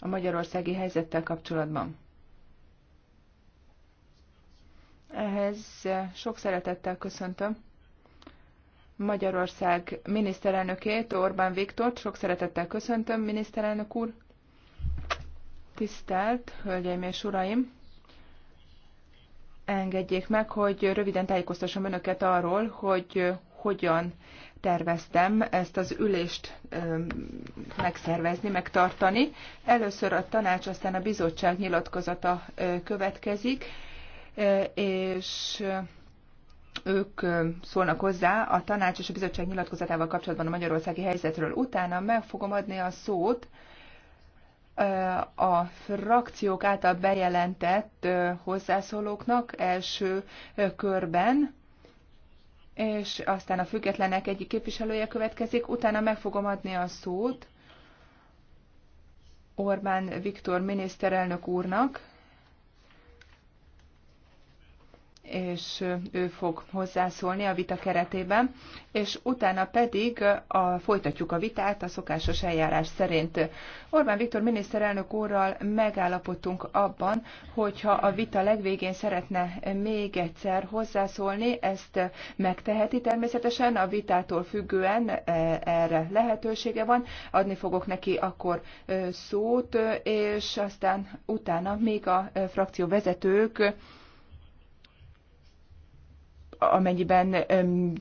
a magyarországi helyzettel kapcsolatban. Ehhez sok szeretettel köszöntöm Magyarország miniszterelnökét, Orbán Viktort. Sok szeretettel köszöntöm, miniszterelnök úr. Tisztelt Hölgyeim és Uraim! Engedjék meg, hogy röviden tájékoztassam Önöket arról, hogy hogyan terveztem ezt az ülést megszervezni, megtartani. Először a tanács, aztán a bizottság nyilatkozata következik, és ők szólnak hozzá a tanács és a bizottság nyilatkozatával kapcsolatban a magyarországi helyzetről. Utána meg fogom adni a szót a frakciók által bejelentett hozzászólóknak első körben és aztán a függetlenek egyik képviselője következik, utána meg fogom adni a szót Orbán Viktor miniszterelnök úrnak, és ő fog hozzászólni a vita keretében, és utána pedig a, folytatjuk a vitát a szokásos eljárás szerint. Orbán Viktor miniszterelnök úrral megállapodtunk abban, hogyha a vita legvégén szeretne még egyszer hozzászólni, ezt megteheti természetesen, a vitától függően e, erre lehetősége van, adni fogok neki akkor e, szót, és aztán utána még a e, frakcióvezetők amennyiben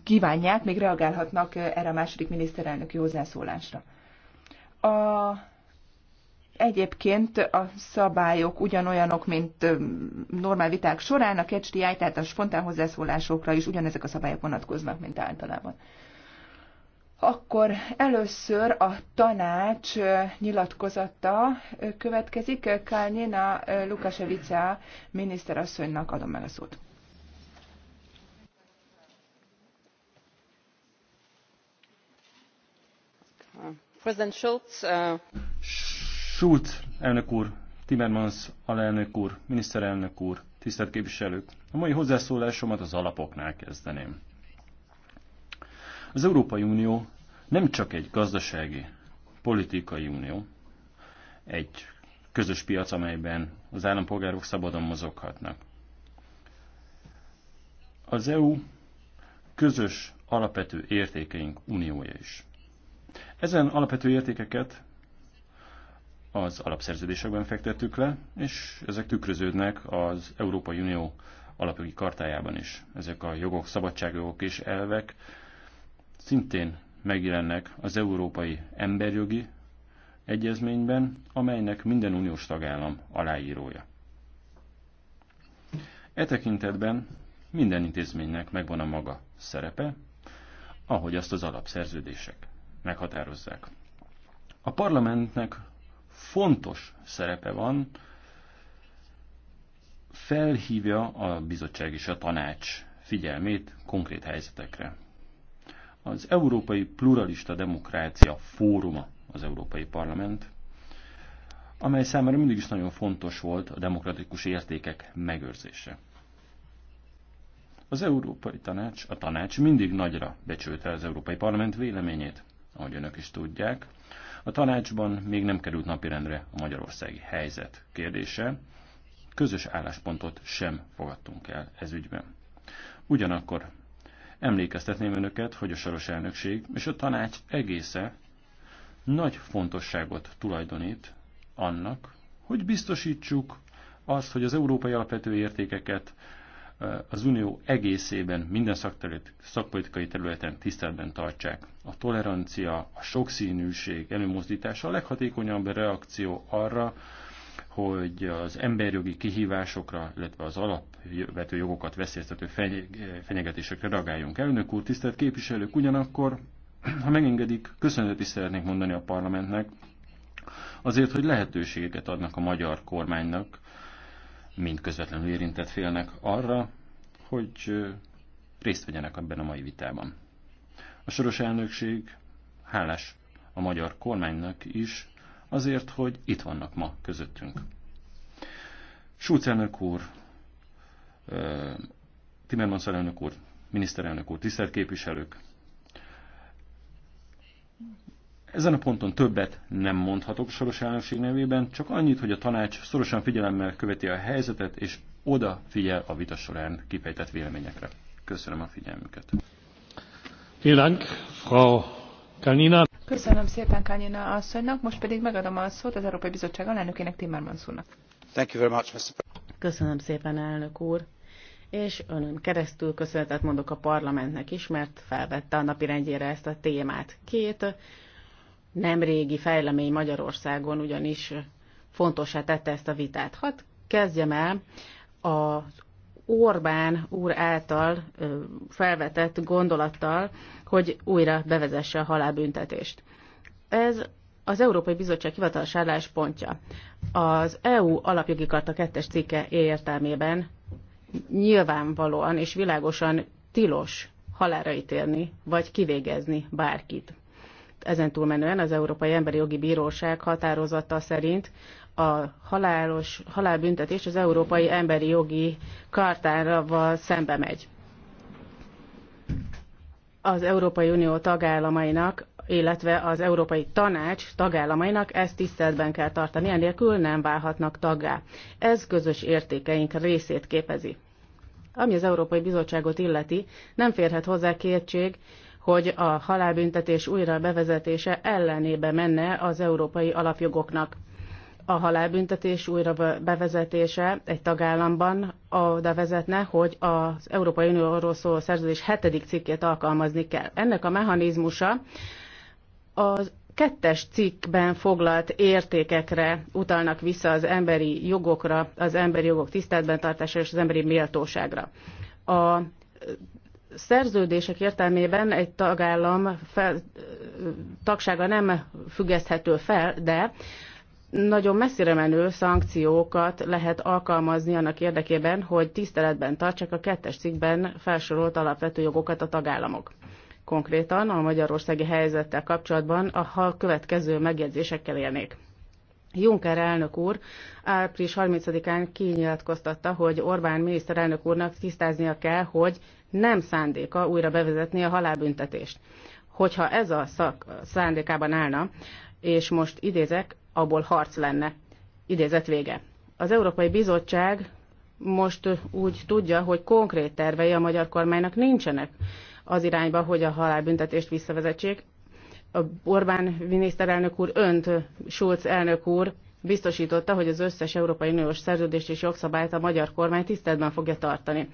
kívánják, még reagálhatnak erre a második miniszterelnöki hozzászólásra. A, egyébként a szabályok ugyanolyanok, mint normál viták során, a kecsdi tehát a spontán hozzászólásokra is ugyanezek a szabályok vonatkoznak, mint általában. Akkor először a tanács nyilatkozata következik. Kálnina Lukasevica miniszterasszonynak adom meg a szót. Uh, Schulz elnök úr, Timmermans alelnök úr, miniszterelnök úr, tisztelt képviselők! A mai hozzászólásomat az alapoknál kezdeném. Az Európai Unió nem csak egy gazdasági, politikai unió, egy közös piac, amelyben az állampolgárok szabadon mozoghatnak. Az EU közös alapvető értékeink uniója is. Ezen alapvető értékeket az alapszerződésekben fektettük le, és ezek tükröződnek az Európai Unió alapjogi kartájában is. Ezek a jogok, szabadságjogok és elvek szintén megjelennek az Európai Emberjogi Egyezményben, amelynek minden uniós tagállam aláírója. E tekintetben minden intézménynek megvan a maga szerepe, ahogy azt az alapszerződések meghatározzák. A parlamentnek fontos szerepe van, felhívja a bizottság és a tanács figyelmét konkrét helyzetekre. Az Európai Pluralista Demokrácia Fóruma az Európai Parlament, amely számára mindig is nagyon fontos volt a demokratikus értékek megőrzése. Az Európai Tanács, a tanács mindig nagyra becsülte az Európai Parlament véleményét ahogy önök is tudják. A tanácsban még nem került napirendre a magyarországi helyzet kérdése, közös álláspontot sem fogadtunk el ez ügyben. Ugyanakkor emlékeztetném önöket, hogy a soros elnökség és a tanács egésze nagy fontosságot tulajdonít annak, hogy biztosítsuk azt, hogy az európai alapvető értékeket Eh, az Unió egészében, minden szakterület, szakpolitikai területen tiszteletben tartsák. A tolerancia, a sokszínűség előmozdítása a leghatékonyabb reakció arra, hogy az emberjogi kihívásokra, illetve az alapvető jogokat veszélyeztető fenyegetésekre reagáljunk. Elnök úr, tisztelt képviselők, ugyanakkor, ha megengedik, köszönetet is szeretnék mondani a parlamentnek, azért, hogy lehetőségeket adnak a magyar kormánynak, mind közvetlenül érintett félnek arra, hogy részt vegyenek ebben a mai vitában. A soros elnökség hálás a magyar kormánynak is azért, hogy itt vannak ma közöttünk. Schulz elnök úr, Timmermans elnök úr, miniszterelnök úr, tisztelt képviselők, ezen a ponton többet nem mondhatok soros elnökség nevében, csak annyit, hogy a tanács szorosan figyelemmel követi a helyzetet, és oda figyel a vita során kifejtett véleményekre. Köszönöm a figyelmüket. Vielen Frau Köszönöm szépen Kanina asszonynak, most pedig megadom a szót az Európai Bizottság alelnökének Timmermans úrnak. Thank you very much, Mr. Köszönöm szépen, elnök úr. És önön keresztül köszönetet mondok a parlamentnek is, mert felvette a napirendjére ezt a témát. Két nem régi fejlemény Magyarországon ugyanis fontosá tette ezt a vitát. hát kezdjem el az Orbán úr által felvetett gondolattal, hogy újra bevezesse a halálbüntetést. Ez az Európai Bizottság hivatalos álláspontja. Az EU alapjogi karta kettes cikke e értelmében nyilvánvalóan és világosan tilos halára ítélni, vagy kivégezni bárkit. Ezen túlmenően az Európai Emberi Jogi Bíróság határozata szerint a halálos, halálbüntetés az Európai Emberi Jogi Kartával szembe megy. Az Európai Unió tagállamainak, illetve az Európai Tanács tagállamainak ezt tiszteletben kell tartani, enélkül nem válhatnak taggá. Ez közös értékeink részét képezi. Ami az Európai Bizottságot illeti, nem férhet hozzá kétség, hogy a halálbüntetés újra bevezetése ellenébe menne az európai alapjogoknak. A halálbüntetés újra bevezetése egy tagállamban oda vezetne, hogy az Európai Unióról szóló szerződés hetedik cikkét alkalmazni kell. Ennek a mechanizmusa a kettes cikkben foglalt értékekre utalnak vissza az emberi jogokra, az emberi jogok tiszteletben tartására és az emberi méltóságra. A szerződések értelmében egy tagállam fel, tagsága nem függeszthető fel, de nagyon messzire menő szankciókat lehet alkalmazni annak érdekében, hogy tiszteletben tartsák a kettes cikkben felsorolt alapvető jogokat a tagállamok. Konkrétan a magyarországi helyzettel kapcsolatban a következő megjegyzésekkel élnék. Juncker elnök úr április 30-án kinyilatkoztatta, hogy Orbán miniszterelnök úrnak tisztáznia kell, hogy nem szándéka újra bevezetni a halálbüntetést. Hogyha ez a szak szándékában állna, és most idézek, abból harc lenne. Idézet vége. Az Európai Bizottság most úgy tudja, hogy konkrét tervei a magyar kormánynak nincsenek az irányba, hogy a halálbüntetést visszavezetsék. A Orbán miniszterelnök úr, önt, Schulz elnök úr biztosította, hogy az összes Európai Uniós szerződést és jogszabályt a magyar kormány tiszteletben fogja tartani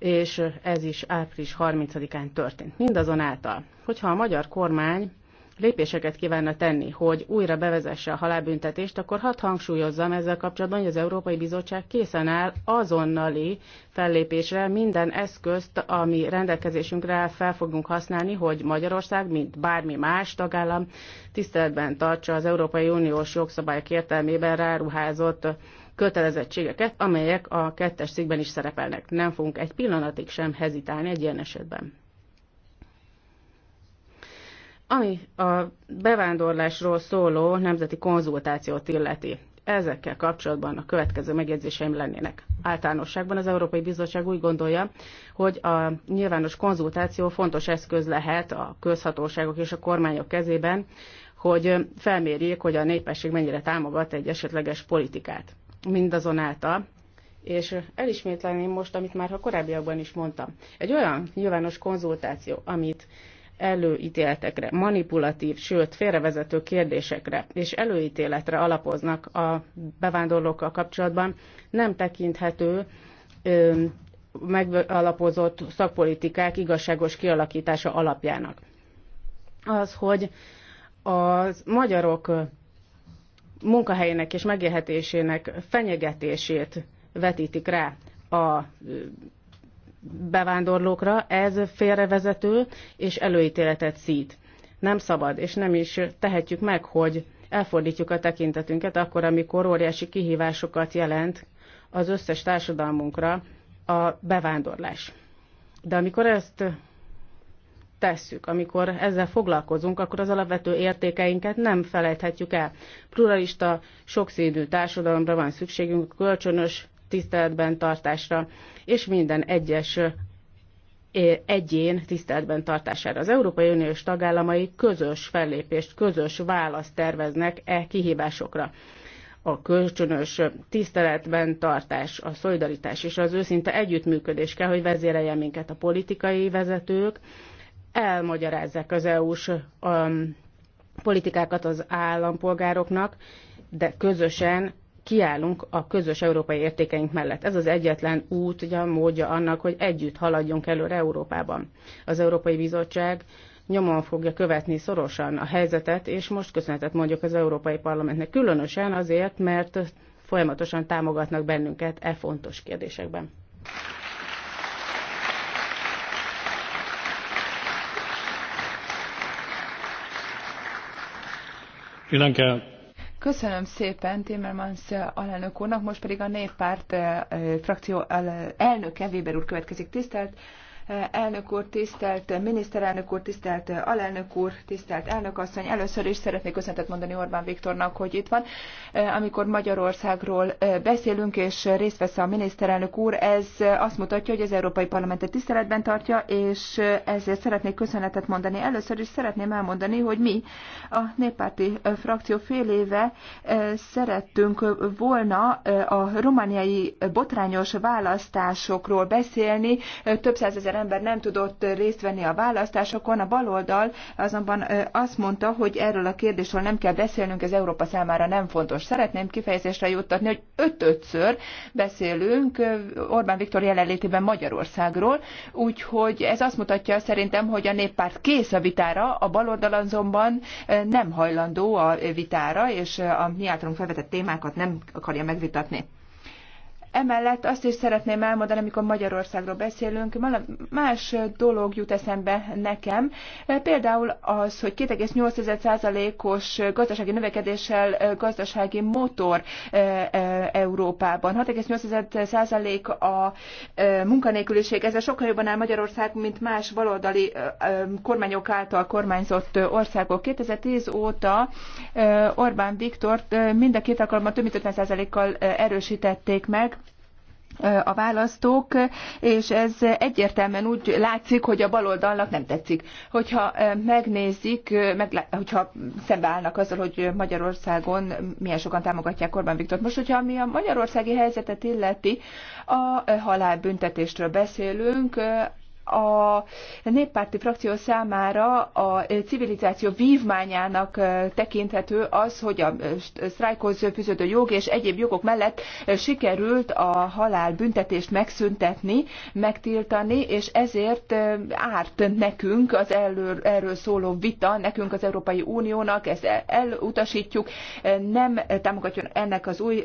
és ez is április 30-án történt. Mindazonáltal, hogyha a magyar kormány lépéseket kívánna tenni, hogy újra bevezesse a halálbüntetést, akkor hadd hangsúlyozzam ezzel kapcsolatban, hogy az Európai Bizottság készen áll azonnali fellépésre minden eszközt, ami rendelkezésünkre áll, fel fogunk használni, hogy Magyarország, mint bármi más tagállam tiszteletben tartsa az Európai Uniós jogszabályok értelmében ráruházott kötelezettségeket, amelyek a kettes cikkben is szerepelnek. Nem fogunk egy pillanatig sem hezitálni egy ilyen esetben. Ami a bevándorlásról szóló nemzeti konzultációt illeti, ezekkel kapcsolatban a következő megjegyzéseim lennének. Általánosságban az Európai Bizottság úgy gondolja, hogy a nyilvános konzultáció fontos eszköz lehet a közhatóságok és a kormányok kezében, hogy felmérjék, hogy a népesség mennyire támogat egy esetleges politikát mindazonáltal, és elismétleném most, amit már a korábbiakban is mondtam. Egy olyan nyilvános konzultáció, amit előítéletekre, manipulatív, sőt félrevezető kérdésekre és előítéletre alapoznak a bevándorlókkal kapcsolatban, nem tekinthető ö, megalapozott szakpolitikák igazságos kialakítása alapjának. Az, hogy a magyarok munkahelyének és megélhetésének fenyegetését vetítik rá a bevándorlókra, ez félrevezető és előítéletet szít. Nem szabad, és nem is tehetjük meg, hogy elfordítjuk a tekintetünket akkor, amikor óriási kihívásokat jelent az összes társadalmunkra a bevándorlás. De amikor ezt tesszük, amikor ezzel foglalkozunk, akkor az alapvető értékeinket nem felejthetjük el. Pluralista, sokszínű társadalomra van szükségünk, kölcsönös tiszteletben tartásra, és minden egyes egyén tiszteletben tartására. Az Európai Uniós tagállamai közös fellépést, közös választ terveznek e kihívásokra. A kölcsönös tiszteletben tartás, a szolidaritás és az őszinte együttműködés kell, hogy vezérelje minket a politikai vezetők, elmagyarázzák az EU-s um, politikákat az állampolgároknak, de közösen kiállunk a közös európai értékeink mellett. Ez az egyetlen út, ugye, módja annak, hogy együtt haladjunk előre Európában. Az Európai Bizottság nyomon fogja követni szorosan a helyzetet, és most köszönetet mondjuk az Európai Parlamentnek, különösen azért, mert folyamatosan támogatnak bennünket e fontos kérdésekben. Köszönöm szépen Timmermans alelnök úrnak, most pedig a néppárt eh, frakció eh, elnöke Weber úr következik. Tisztelt elnök úr, tisztelt miniszterelnök úr, tisztelt alelnök úr, tisztelt elnökasszony. Először is szeretnék köszöntet mondani Orbán Viktornak, hogy itt van. Amikor Magyarországról beszélünk és részt vesz a miniszterelnök úr, ez azt mutatja, hogy az Európai Parlamentet tiszteletben tartja, és ezért szeretnék köszönetet mondani. Először is szeretném elmondani, hogy mi a néppárti frakció fél éve szerettünk volna a romániai botrányos választásokról beszélni. Több százezer ember nem tudott részt venni a választásokon, a baloldal azonban azt mondta, hogy erről a kérdésről nem kell beszélnünk, ez Európa számára nem fontos. Szeretném kifejezésre juttatni, hogy öt-ötször beszélünk Orbán Viktor jelenlétében Magyarországról, úgyhogy ez azt mutatja szerintem, hogy a néppárt kész a vitára, a baloldal azonban nem hajlandó a vitára, és a mi általunk felvetett témákat nem akarja megvitatni. Emellett azt is szeretném elmondani, amikor Magyarországról beszélünk, más dolog jut eszembe nekem, például az, hogy 2,8%-os gazdasági növekedéssel gazdasági motor Európában. 6,8% a munkanélküliség, ezzel sokkal jobban áll Magyarország, mint más baloldali kormányok által kormányzott országok. 2010 óta Orbán Viktor mind a két alkalommal több mint 50%-kal erősítették meg a választók, és ez egyértelműen úgy látszik, hogy a baloldalnak nem tetszik. Hogyha megnézik, meg, hogyha szembeállnak azzal, hogy Magyarországon milyen sokan támogatják Orbán Viktort. Most, hogyha mi a magyarországi helyzetet illeti, a halálbüntetésről beszélünk, a néppárti frakció számára a civilizáció vívmányának tekinthető az, hogy a sztrájkhoz fűződő jog és egyéb jogok mellett sikerült a halál büntetést megszüntetni, megtiltani, és ezért árt nekünk az erről, erről szóló vita, nekünk az Európai Uniónak, ezt elutasítjuk, nem támogatjon ennek az új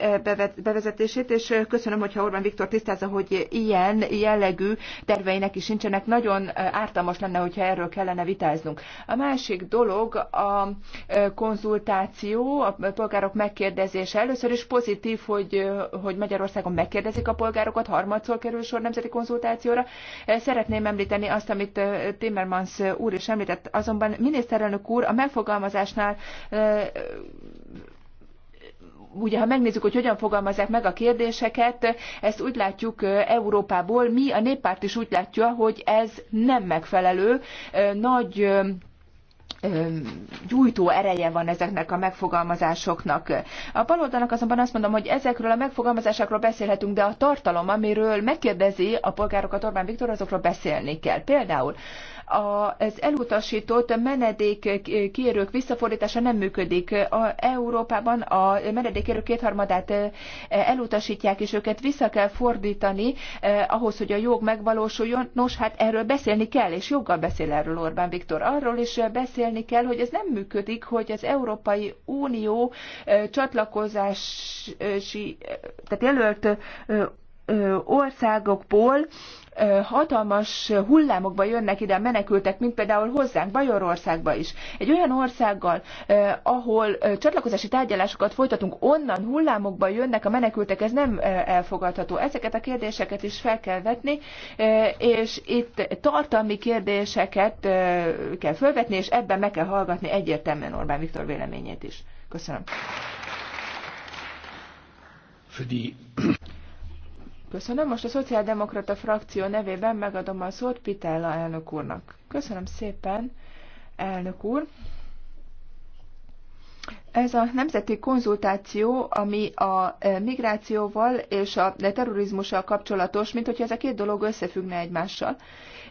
bevezetését, és köszönöm, hogyha Orbán Viktor tisztázza, hogy ilyen jellegű terveinek is nincsenek, önöknek nagyon ártalmas lenne, hogyha erről kellene vitáznunk. A másik dolog a konzultáció, a polgárok megkérdezése. Először is pozitív, hogy, hogy Magyarországon megkérdezik a polgárokat, harmadszor kerül sor nemzeti konzultációra. Szeretném említeni azt, amit Timmermans úr is említett, azonban miniszterelnök úr a megfogalmazásnál ugye ha megnézzük, hogy hogyan fogalmazzák meg a kérdéseket, ezt úgy látjuk Európából, mi a néppárt is úgy látja, hogy ez nem megfelelő, nagy gyújtó ereje van ezeknek a megfogalmazásoknak. A baloldalnak azonban azt mondom, hogy ezekről a megfogalmazásokról beszélhetünk, de a tartalom, amiről megkérdezi a polgárokat Orbán Viktor, azokról beszélni kell. Például az elutasított menedék kérők visszafordítása nem működik. A Európában a menedékérők kétharmadát e, elutasítják, és őket vissza kell fordítani e, ahhoz, hogy a jog megvalósuljon. Nos, hát erről beszélni kell, és joggal beszél erről Orbán Viktor. Arról is beszélni kell, hogy ez nem működik, hogy az Európai Unió e, csatlakozási, tehát jelölt országokból hatalmas hullámokba jönnek ide a menekültek, mint például hozzánk, Bajorországba is. Egy olyan országgal, ahol csatlakozási tárgyalásokat folytatunk, onnan hullámokba jönnek a menekültek, ez nem elfogadható. Ezeket a kérdéseket is fel kell vetni, és itt tartalmi kérdéseket kell fölvetni, és ebben meg kell hallgatni egyértelműen Orbán Viktor véleményét is. Köszönöm. Köszönöm. Most a Szociáldemokrata frakció nevében megadom a szót Pitella elnök úrnak. Köszönöm szépen, elnök úr. Ez a nemzeti konzultáció, ami a e, migrációval és a terrorizmussal kapcsolatos, mint hogyha ez a két dolog összefüggne egymással.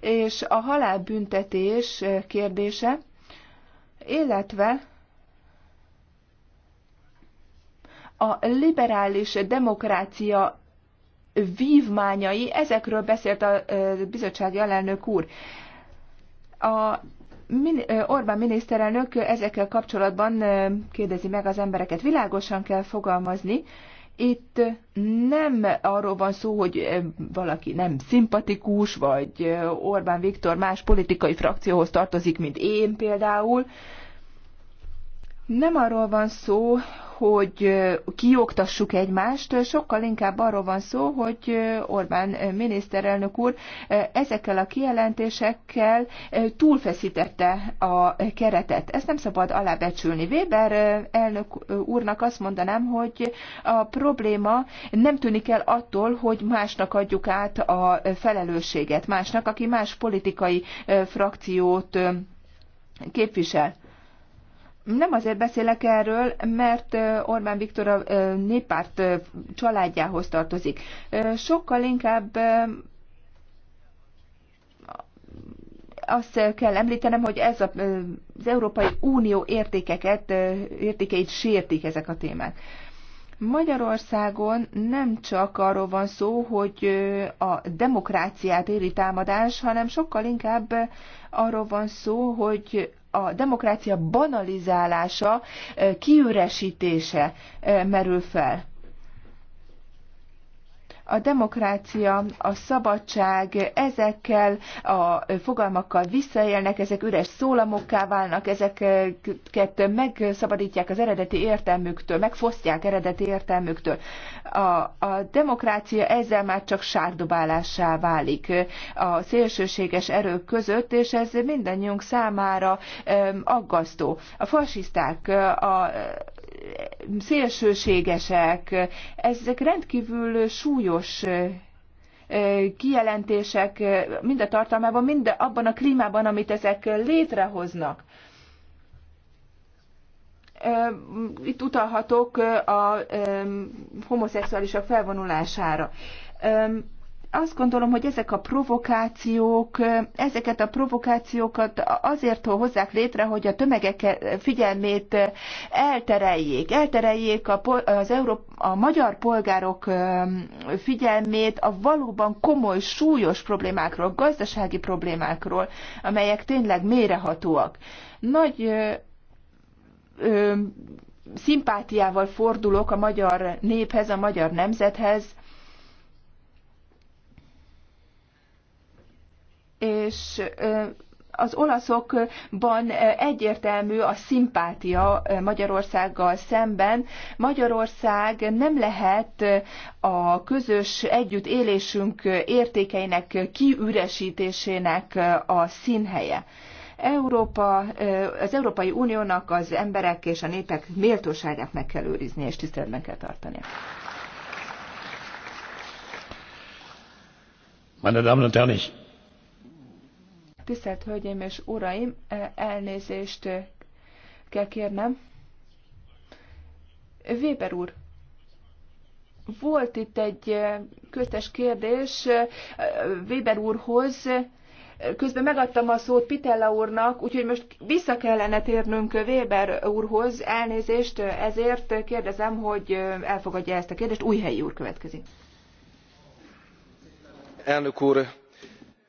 És a halálbüntetés kérdése, illetve a liberális demokrácia vívmányai, ezekről beszélt a bizottsági alelnök úr. A Orbán miniszterelnök ezekkel kapcsolatban kérdezi meg az embereket. Világosan kell fogalmazni, itt nem arról van szó, hogy valaki nem szimpatikus, vagy Orbán Viktor más politikai frakcióhoz tartozik, mint én például, nem arról van szó, hogy kioktassuk egymást, sokkal inkább arról van szó, hogy Orbán miniszterelnök úr ezekkel a kijelentésekkel túlfeszítette a keretet. Ezt nem szabad alábecsülni. Weber elnök úrnak azt mondanám, hogy a probléma nem tűnik el attól, hogy másnak adjuk át a felelősséget, másnak, aki más politikai frakciót képvisel. Nem azért beszélek erről, mert Orbán Viktor a néppárt családjához tartozik. Sokkal inkább azt kell említenem, hogy ez a, az Európai Unió értékeket, értékeit sértik ezek a témák. Magyarországon nem csak arról van szó, hogy a demokráciát éri támadás, hanem sokkal inkább arról van szó, hogy a demokrácia banalizálása, kiüresítése merül fel a demokrácia, a szabadság, ezekkel a fogalmakkal visszaélnek, ezek üres szólamokká válnak, ezeket megszabadítják az eredeti értelmüktől, megfosztják eredeti értelmüktől. A, a demokrácia ezzel már csak sárdobálássá válik a szélsőséges erők között, és ez mindannyiunk számára aggasztó. A fasiszták, a szélsőségesek, ezek rendkívül súlyos kijelentések mind a tartalmában, mind abban a klímában, amit ezek létrehoznak. Itt utalhatok a homoszexuálisok felvonulására azt gondolom, hogy ezek a provokációk, ezeket a provokációkat azért hozzák létre, hogy a tömegek figyelmét eltereljék. Eltereljék a, az Európa, a magyar polgárok figyelmét a valóban komoly, súlyos problémákról, gazdasági problémákról, amelyek tényleg mérehatóak. Nagy ö, ö, szimpátiával fordulok a magyar néphez, a magyar nemzethez, és az olaszokban egyértelmű a szimpátia Magyarországgal szemben. Magyarország nem lehet a közös együttélésünk értékeinek kiüresítésének a színhelye. Európa, az Európai Uniónak az emberek és a népek méltóságát meg kell őrizni, és tiszteletben kell tartani. Meine Damen und Herren, ich Tisztelt Hölgyeim és Uraim, e, elnézést e, kell kérnem. Weber úr, volt itt egy e, köztes kérdés Weber úrhoz, közben megadtam a szót Pitella úrnak, úgyhogy most vissza kellene térnünk Weber úrhoz, elnézést, ezért kérdezem, hogy elfogadja ezt a kérdést. új helyi úr következik. Elnök úr,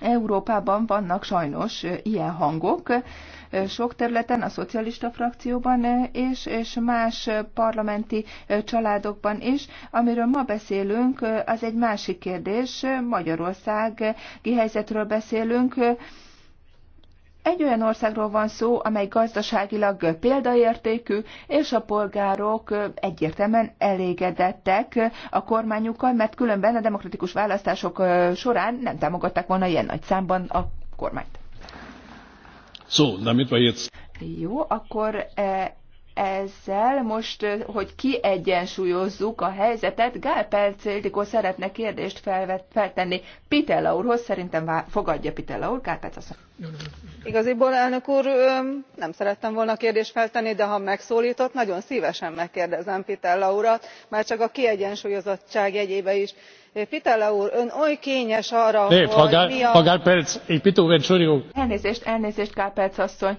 Európában vannak sajnos ilyen hangok, sok területen, a szocialista frakcióban és, és más parlamenti családokban is. Amiről ma beszélünk, az egy másik kérdés. Magyarország helyzetről beszélünk. Egy olyan országról van szó, amely gazdaságilag példaértékű, és a polgárok egyértelműen elégedettek a kormányukkal, mert különben a demokratikus választások során nem támogatták volna ilyen nagy számban a kormányt. So, damit wir jetzt... Jó, akkor ezzel most, hogy kiegyensúlyozzuk a helyzetet, Gál Perc szeretne kérdést felvet, feltenni Pitella úrhoz, szerintem fogadja Pitella úr, Gál Perc azt Igaziból, elnök úr, nem szerettem volna kérdést feltenni, de ha megszólított, nagyon szívesen megkérdezem Pitella urat, már csak a kiegyensúlyozottság jegyébe is. Pitella úr, ön oly kényes arra, ne, hogy Frau Gál, mi a... Frau Gál Perc, egy bitte Elnézést, elnézést, Gál Perc asszony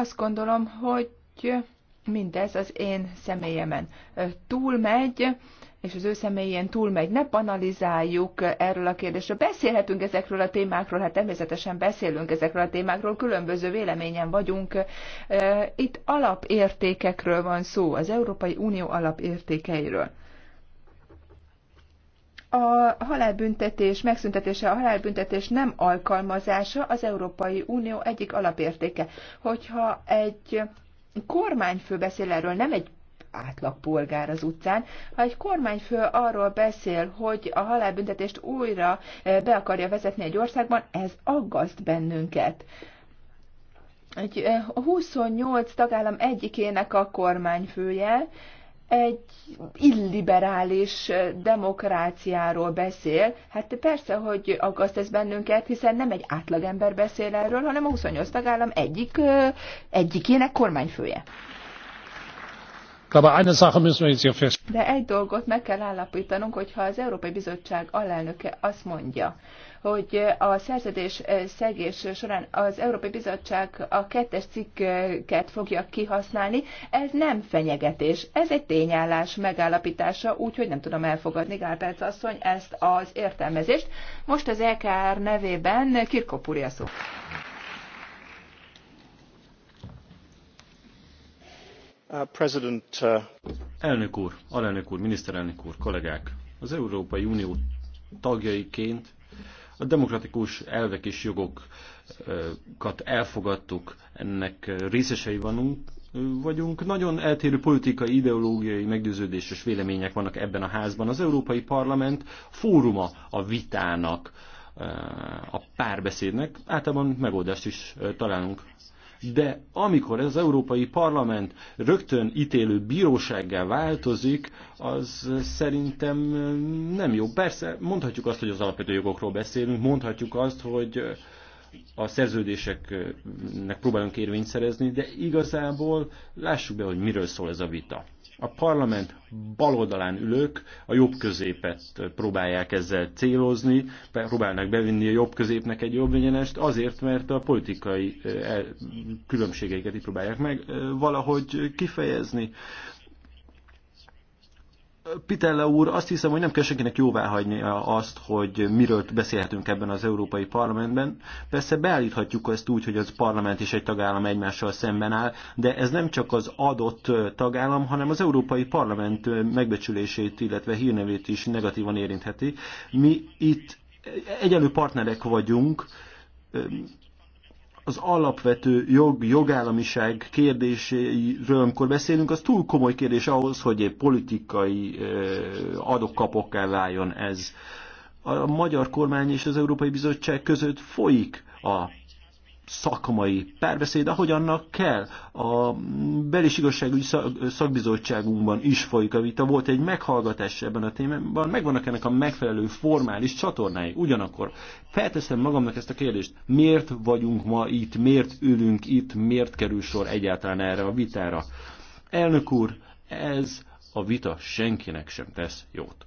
Azt gondolom, hogy mindez az én személyemen túlmegy, és az ő személyén túlmegy. Ne banalizáljuk erről a kérdésről. Beszélhetünk ezekről a témákról, hát természetesen beszélünk ezekről a témákról, különböző véleményen vagyunk. Itt alapértékekről van szó, az Európai Unió alapértékeiről a halálbüntetés megszüntetése, a halálbüntetés nem alkalmazása az Európai Unió egyik alapértéke. Hogyha egy kormányfő beszél erről, nem egy átlagpolgár az utcán, ha egy kormányfő arról beszél, hogy a halálbüntetést újra eh, be akarja vezetni egy országban, ez aggaszt bennünket egy 28 eh, tagállam egyikének a kormányfője egy illiberális demokráciáról beszél. Hát persze, hogy aggaszt ez bennünket, hiszen nem egy átlagember beszél erről, hanem a 28 tagállam egyik, egyikének kormányfője. De egy dolgot meg kell állapítanunk, hogyha az Európai Bizottság alelnöke azt mondja, hogy a szerződés eh, szegés során az Európai Bizottság a kettes cikket fogja kihasználni. Ez nem fenyegetés, ez egy tényállás megállapítása, úgyhogy nem tudom elfogadni, Gálperc asszony, ezt az értelmezést. Most az EKR nevében Kirko úr szó. Uh, uh, Elnök úr, alelnök úr, miniszterelnök úr, kollégák! Az Európai Unió tagjaiként a demokratikus elvek és jogokat elfogadtuk, ennek részesei vanunk, vagyunk. Nagyon eltérő politikai, ideológiai meggyőződéses vélemények vannak ebben a házban. Az Európai Parlament fóruma a vitának, a párbeszédnek. Általában megoldást is eh, találunk de amikor ez az Európai Parlament rögtön ítélő bírósággá változik, az szerintem nem jó. Persze mondhatjuk azt, hogy az alapvető jogokról beszélünk, mondhatjuk azt, hogy a szerződéseknek próbálunk érvényt szerezni, de igazából lássuk be, hogy miről szól ez a vita a parlament baloldalán ülők a jobb középet próbálják ezzel célozni, próbálnak bevinni a jobb középnek egy jobb egyenest, azért, mert a politikai eh, különbségeiket így próbálják meg eh, valahogy kifejezni. Pitella úr, azt hiszem, hogy nem kell senkinek hagyni azt, hogy miről beszélhetünk ebben az Európai Parlamentben. Persze beállíthatjuk ezt úgy, hogy az parlament és egy tagállam egymással szemben áll, de ez nem csak az adott tagállam, hanem az Európai Parlament megbecsülését, illetve hírnevét is negatívan érintheti. Mi itt egyenlő partnerek vagyunk, az alapvető jog, jogállamiság kérdéséről, amikor beszélünk, az túl komoly kérdés ahhoz, hogy egy politikai adokkapokká váljon ez. A magyar kormány és az Európai Bizottság között folyik a szakmai párbeszéd, ahogy annak kell. A belis igazságügyi szakbizottságunkban is folyik a vita, volt egy meghallgatás ebben a témában, megvannak ennek a megfelelő formális csatornái. Ugyanakkor felteszem magamnak ezt a kérdést, miért vagyunk ma itt, miért ülünk itt, miért kerül sor egyáltalán erre a vitára. Elnök úr, ez a vita senkinek sem tesz jót.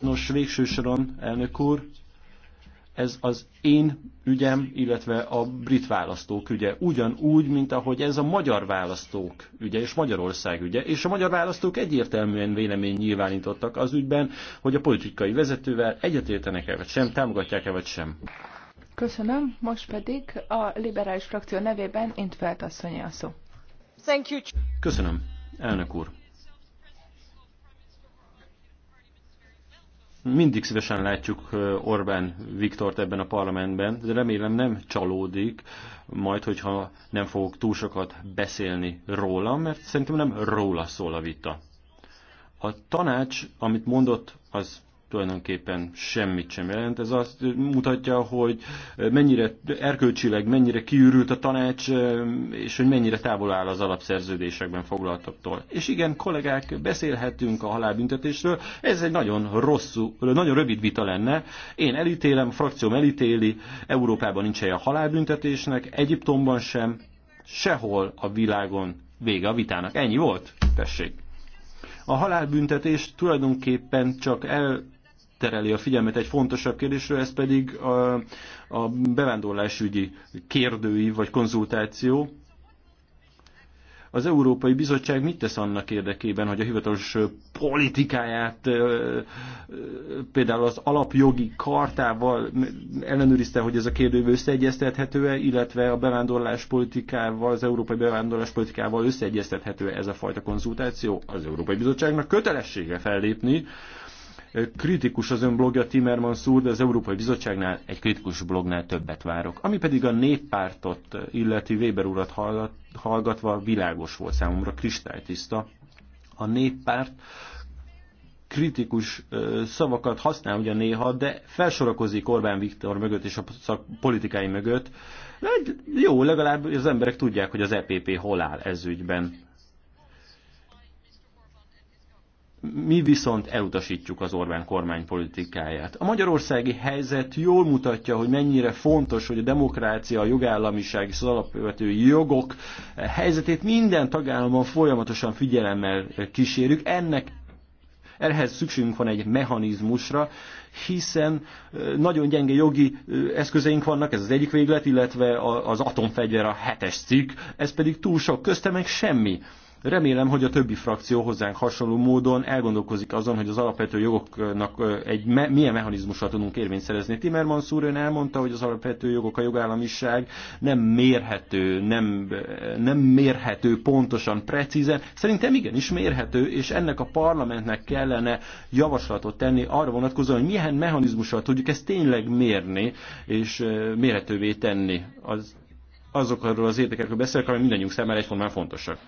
Nos, végső soron, elnök úr, ez az én ügyem, illetve a brit választók ügye. Ugyanúgy, mint ahogy ez a magyar választók ügye és Magyarország ügye. És a magyar választók egyértelműen vélemény nyilvánítottak az ügyben, hogy a politikai vezetővel egyetértenek-e vagy sem, támogatják-e vagy sem. Köszönöm, most pedig a liberális frakció nevében Intfelt asszonyé a szó. Thank you. Köszönöm, elnök úr. mindig szívesen látjuk Orbán Viktort ebben a parlamentben, de remélem nem csalódik majd, hogyha nem fogok túl sokat beszélni róla, mert szerintem nem róla szól a vita. A tanács, amit mondott, az tulajdonképpen semmit sem jelent. Ez azt mutatja, hogy mennyire erkölcsileg, mennyire kiürült a tanács, és hogy mennyire távol áll az alapszerződésekben foglaltaktól. És igen, kollégák, beszélhetünk a halálbüntetésről. Ez egy nagyon rosszú, nagyon rövid vita lenne. Én elítélem, frakcióm elítéli, Európában nincs helye a halálbüntetésnek, Egyiptomban sem, sehol a világon vége a vitának. Ennyi volt? Tessék! A halálbüntetés tulajdonképpen csak el tereli a figyelmet egy fontosabb kérdésre, ez pedig a, a bevándorlásügyi kérdői vagy konzultáció. Az Európai Bizottság mit tesz annak érdekében, hogy a hivatalos politikáját például az alapjogi kartával ellenőrizte, hogy ez a kérdő összeegyeztethető-e, illetve a bevándorlás politikával, az európai bevándorlás politikával összeegyeztethető -e ez a fajta konzultáció? Az Európai Bizottságnak kötelessége fellépni, Kritikus az ön blogja Timmermans úr, de az Európai Bizottságnál egy kritikus blognál többet várok. Ami pedig a néppártot illeti Weber urat hallgatva világos volt számomra, kristálytiszta. A néppárt kritikus szavakat használ ugye néha, de felsorakozik Orbán Viktor mögött és a politikai mögött. Jó, legalább az emberek tudják, hogy az EPP hol áll ez ügyben. Mi viszont elutasítjuk az Orbán kormány politikáját. A magyarországi helyzet jól mutatja, hogy mennyire fontos, hogy a demokrácia, a jogállamiság és az alapvető jogok helyzetét minden tagállamban folyamatosan figyelemmel kísérjük. Ennek ehhez szükségünk van egy mechanizmusra, hiszen nagyon gyenge jogi eszközeink vannak, ez az egyik véglet, illetve az atomfegyver a hetes cikk, ez pedig túl sok, közte meg semmi. Remélem, hogy a többi frakció hozzánk hasonló módon elgondolkozik azon, hogy az alapvető jogoknak egy me- milyen mechanizmussal tudunk érvényt szerezni. Timmermans úr ön elmondta, hogy az alapvető jogok, a jogállamiság nem mérhető, nem, nem mérhető pontosan, precízen. Szerintem igenis mérhető, és ennek a parlamentnek kellene javaslatot tenni arra vonatkozóan, hogy milyen mechanizmussal tudjuk ezt tényleg mérni, és mérhetővé tenni az azokról az érdekekről beszélek, amely mindannyiunk számára egyformán fontosak.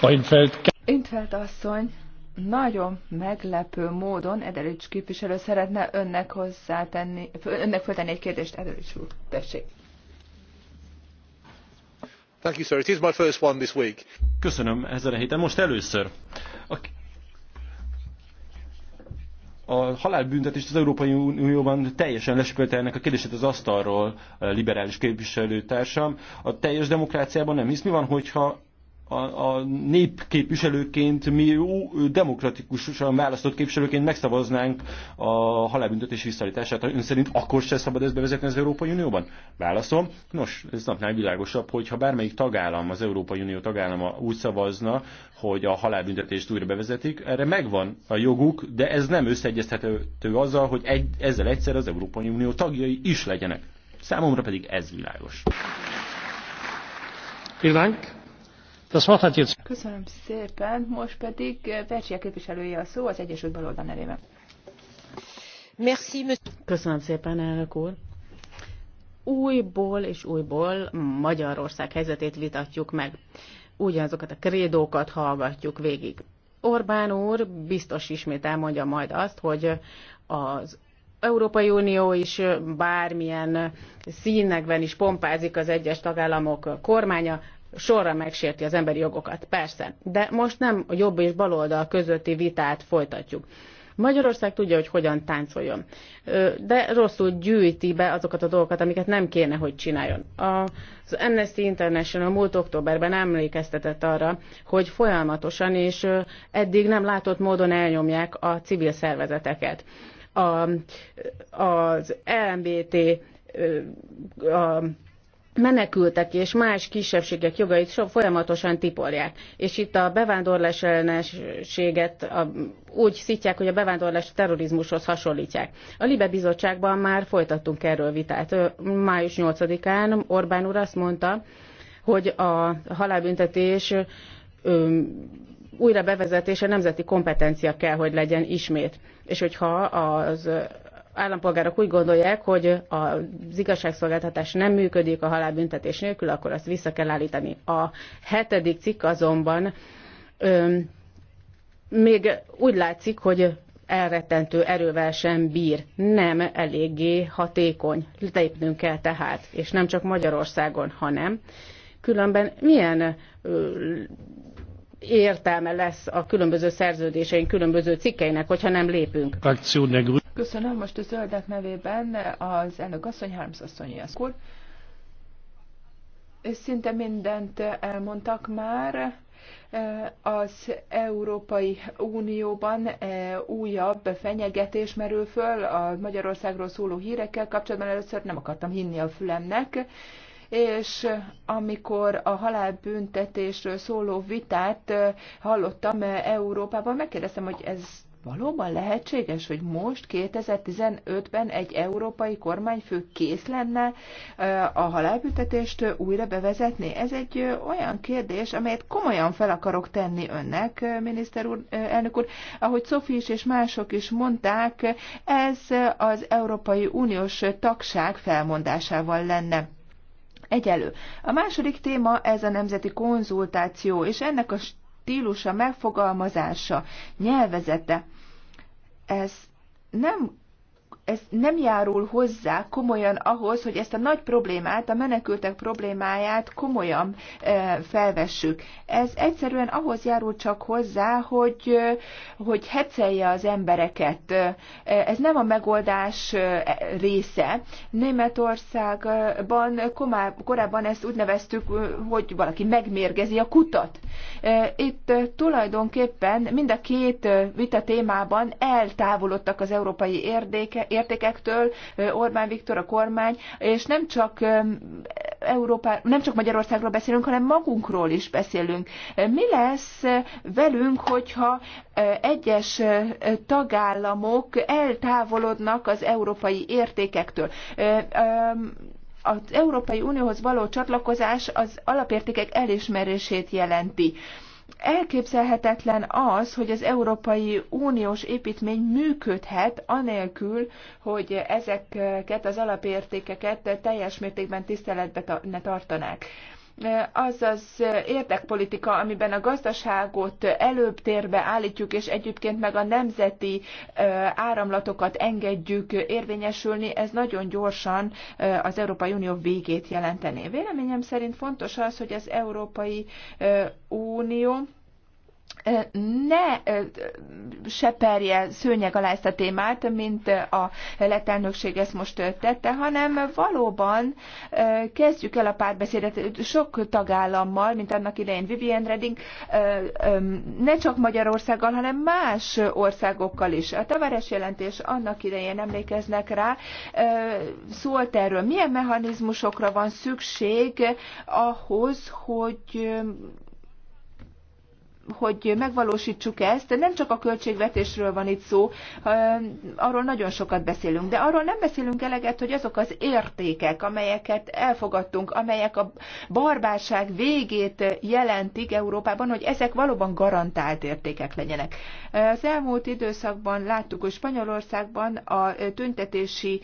Reinfeldt. Intfeld asszony, nagyon meglepő módon Ederics képviselő szeretne önnek hozzátenni, önnek föltenni egy kérdést, Ederics úr, tessék. Thank you, sir. It is my first one this week. Köszönöm ezzel a héten. Most először. A a halálbüntetést az Európai Unióban teljesen lesöpölte ennek a kérdését az asztalról a liberális képviselőtársam. A teljes demokráciában nem hisz. Mi van, hogyha a, a népképviselőként, mi demokratikusan választott képviselőként megszavaznánk a halálbüntetés visszaállítását. Ön szerint akkor se szabad ezt bevezetni az Európai Unióban? Válaszom. Nos, ez napnál világosabb, hogyha bármelyik tagállam, az Európai Unió tagállama úgy szavazna, hogy a halálbüntetést újra bevezetik, erre megvan a joguk, de ez nem összeegyeztethető azzal, hogy egy, ezzel egyszer az Európai Unió tagjai is legyenek. Számomra pedig ez világos. Vielen Köszönöm szépen, most pedig eh, Percsiak képviselője a szó az Egyesült Baloldal nevében. Köszönöm szépen, elnök úr. Újból és újból Magyarország helyzetét vitatjuk meg. Ugyanazokat a krédókat hallgatjuk végig. Orbán úr biztos ismét elmondja majd azt, hogy az Európai Unió is bármilyen színekben is pompázik az egyes tagállamok kormánya, sorra megsérti az emberi jogokat. Persze, de most nem a jobb és baloldal közötti vitát folytatjuk. Magyarország tudja, hogy hogyan táncoljon, de rosszul gyűjti be azokat a dolgokat, amiket nem kéne, hogy csináljon. Az Amnesty International múlt októberben emlékeztetett arra, hogy folyamatosan és eddig nem látott módon elnyomják a civil szervezeteket. A, az LMBT a menekültek és más kisebbségek jogait so folyamatosan tipolják. És itt a bevándorlás ellenességet a, úgy szítják, hogy a bevándorlást terrorizmushoz hasonlítják. A Libe bizottságban már folytattunk erről vitát. május 8-án Orbán úr azt mondta, hogy a halálbüntetés ö, újra bevezetése nemzeti kompetencia kell, hogy legyen ismét. És hogyha az állampolgárok úgy gondolják, hogy az igazságszolgáltatás nem működik a halálbüntetés nélkül, akkor azt vissza kell állítani. A hetedik cikk azonban öm, még úgy látszik, hogy elrettentő erővel sem bír, nem eléggé hatékony. Lépnünk kell tehát, és nem csak Magyarországon, hanem különben milyen ö, értelme lesz a különböző szerződéseink különböző cikkeinek, hogyha nem lépünk. Köszönöm most a zöldek nevében az elnök asszony, Harms asszony, úr. Szinte mindent elmondtak már az Európai Unióban eh, újabb fenyegetés merül föl a Magyarországról szóló hírekkel kapcsolatban. Először nem akartam hinni a fülemnek, és amikor a halálbüntetésről szóló vitát eh, hallottam eh, Európában, megkérdeztem, hogy ez Valóban lehetséges, hogy most 2015-ben egy európai kormányfő kész lenne a halálbüntetést újra bevezetni? Ez egy olyan kérdés, amelyet komolyan fel akarok tenni önnek, miniszter úr, elnök úr. Ahogy Szofi is és mások is mondták, ez az Európai Uniós tagság felmondásával lenne egyelő. A második téma ez a nemzeti konzultáció, és ennek a stílusa, megfogalmazása, nyelvezete, ez nem ez nem járul hozzá komolyan ahhoz, hogy ezt a nagy problémát, a menekültek problémáját komolyan e, felvessük. Ez egyszerűen ahhoz járul csak hozzá, hogy, e, hogy hecelje az embereket. E, ez nem a megoldás része. Németországban korábban ezt úgy neveztük, hogy valaki megmérgezi a kutat. Itt tulajdonképpen mind a két vita témában eltávolodtak az európai érdéke, értékektől Orbán Viktor, a kormány, és nem csak Európá, nem csak Magyarországról beszélünk, hanem magunkról is beszélünk. Mi lesz velünk, hogyha egyes tagállamok eltávolodnak az európai értékektől? Az Európai Unióhoz való csatlakozás az alapértékek elismerését jelenti elképzelhetetlen az, hogy az Európai Uniós építmény működhet, anélkül, hogy ezeket az alapértékeket teljes mértékben tiszteletben ne tartanák az az érdekpolitika, amiben a gazdaságot előbb térbe állítjuk, és egyébként meg a nemzeti áramlatokat engedjük érvényesülni, ez nagyon gyorsan az Európai Unió végét jelentené. Véleményem szerint fontos az, hogy az Európai Unió ne seperje szőnyeg alá ezt a témát, mint a lett elnökség ezt most tette, hanem valóban kezdjük el a párbeszédet sok tagállammal, mint annak idején Vivian Redding, ne csak Magyarországgal, hanem más országokkal is. A tavares jelentés annak idején emlékeznek rá, szólt erről, milyen mechanizmusokra van szükség ahhoz, hogy hogy megvalósítsuk ezt, nem csak a költségvetésről van itt szó, arról nagyon sokat beszélünk, de arról nem beszélünk eleget, hogy azok az értékek, amelyeket elfogadtunk, amelyek a barbárság végét jelentik Európában, hogy ezek valóban garantált értékek legyenek. Az elmúlt időszakban láttuk, hogy Spanyolországban a tüntetési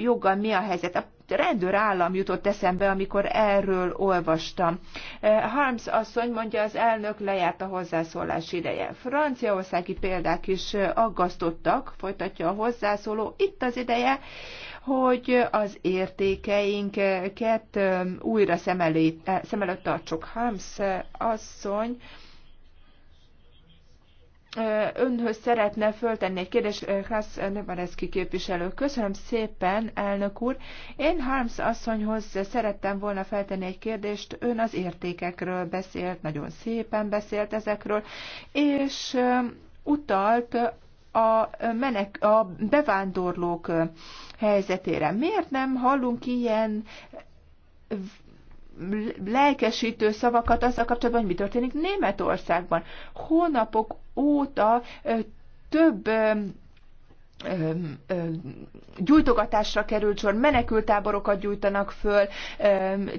joggal mi a helyzet. A rendőr állam jutott eszembe, amikor erről olvastam. Eh, Harms asszony mondja, az elnök lejárt a hozzászólás ideje. Franciaországi példák is eh, aggasztottak, folytatja a hozzászóló. Itt az ideje, hogy az értékeinket eh, újra szem, elé, szem előtt tartsuk. Harms asszony önhöz szeretne föltenni egy kérdést Klász Nevareszki képviselő. Köszönöm szépen, elnök úr. Én Harms asszonyhoz szerettem volna feltenni egy kérdést. Ön az értékekről beszélt, nagyon szépen beszélt ezekről, és utalt a, menek, a bevándorlók helyzetére. Miért nem hallunk ilyen lelkesítő szavakat azzal kapcsolatban, hogy mi történik Németországban. Hónapok óta több gyújtogatásra került sor, menekültáborokat gyújtanak föl,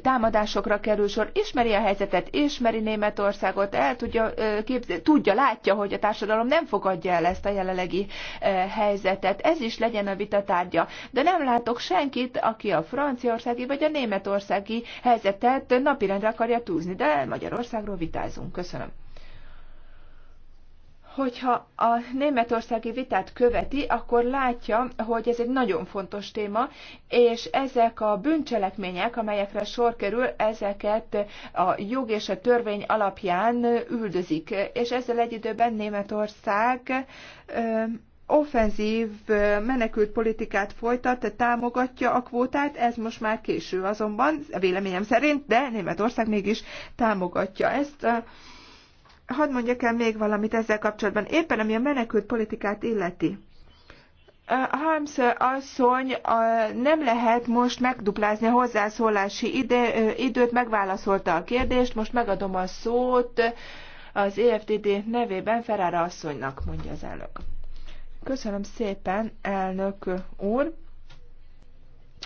támadásokra kerül sor, ismeri a helyzetet, ismeri Németországot, el tudja képzelni, tudja, látja, hogy a társadalom nem fogadja el ezt a jelenlegi helyzetet. Ez is legyen a vita tárgya. De nem látok senkit, aki a franciaországi vagy a németországi helyzetet napirendre akarja tűzni, de Magyarországról vitázunk. Köszönöm hogyha a németországi vitát követi, akkor látja, hogy ez egy nagyon fontos téma, és ezek a bűncselekmények, amelyekre sor kerül, ezeket a jog és a törvény alapján üldözik. És ezzel egy időben Németország offenzív menekült politikát folytat, támogatja a kvótát, ez most már késő azonban, véleményem szerint, de Németország mégis támogatja ezt. Hadd mondjak el még valamit ezzel kapcsolatban. Éppen ami a menekült politikát illeti. Harms asszony, nem lehet most megduplázni a hozzászólási ide, időt, megválaszolta a kérdést, most megadom a szót az EFTD nevében Ferrara asszonynak, mondja az elnök. Köszönöm szépen, elnök úr.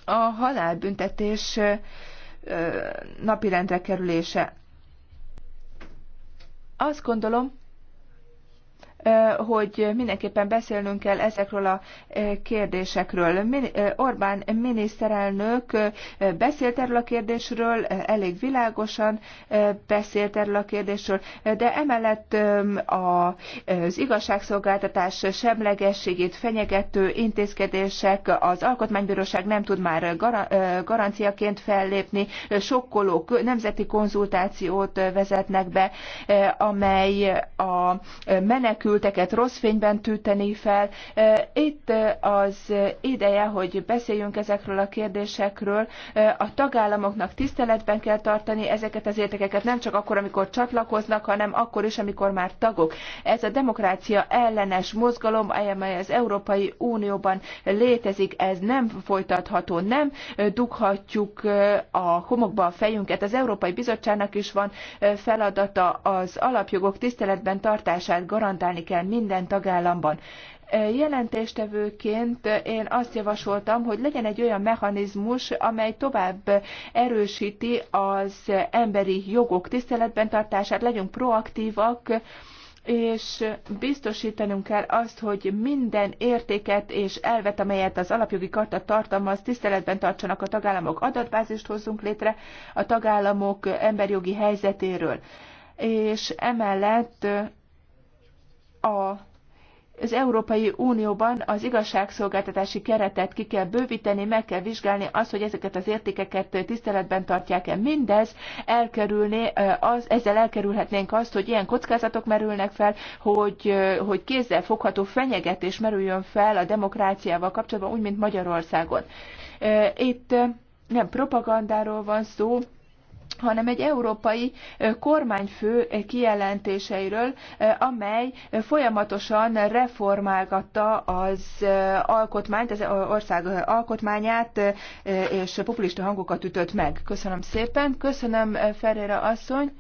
A halálbüntetés napirendre kerülése. Azt gondolom, hogy mindenképpen beszélnünk kell ezekről a kérdésekről. Orbán miniszterelnök beszélt erről a kérdésről, elég világosan beszélt erről a kérdésről, de emellett az igazságszolgáltatás semlegességét fenyegető intézkedések, az alkotmánybíróság nem tud már garanciaként fellépni, sokkoló nemzeti konzultációt vezetnek be, amely a menekül menekülteket rossz fényben tűteni fel. Itt az ideje, hogy beszéljünk ezekről a kérdésekről. A tagállamoknak tiszteletben kell tartani ezeket az értékeket, nem csak akkor, amikor csatlakoznak, hanem akkor is, amikor már tagok. Ez a demokrácia ellenes mozgalom, amely az Európai Unióban létezik, ez nem folytatható, nem dughatjuk a homokba a fejünket. Az Európai Bizottságnak is van feladata az alapjogok tiszteletben tartását garantálni kell minden tagállamban. Jelentéstevőként én azt javasoltam, hogy legyen egy olyan mechanizmus, amely tovább erősíti az emberi jogok tiszteletben tartását, legyünk proaktívak, és biztosítanunk kell azt, hogy minden értéket és elvet, amelyet az alapjogi karta tartalmaz, tiszteletben tartsanak a tagállamok adatbázist hozzunk létre a tagállamok emberjogi helyzetéről. És emellett a az Európai Unióban az igazságszolgáltatási keretet ki kell bővíteni, meg kell vizsgálni azt, hogy ezeket az értékeket tiszteletben tartják-e. Mindez elkerülni, az, ezzel elkerülhetnénk azt, hogy ilyen kockázatok merülnek fel, hogy, hogy kézzel fogható fenyegetés merüljön fel a demokráciával kapcsolatban, úgy, mint Magyarországon. Itt nem propagandáról van szó, hanem egy európai kormányfő kijelentéseiről, amely folyamatosan reformálgatta az alkotmányt, az ország alkotmányát, és populista hangokat ütött meg. Köszönöm szépen. Köszönöm, Ferreira asszony.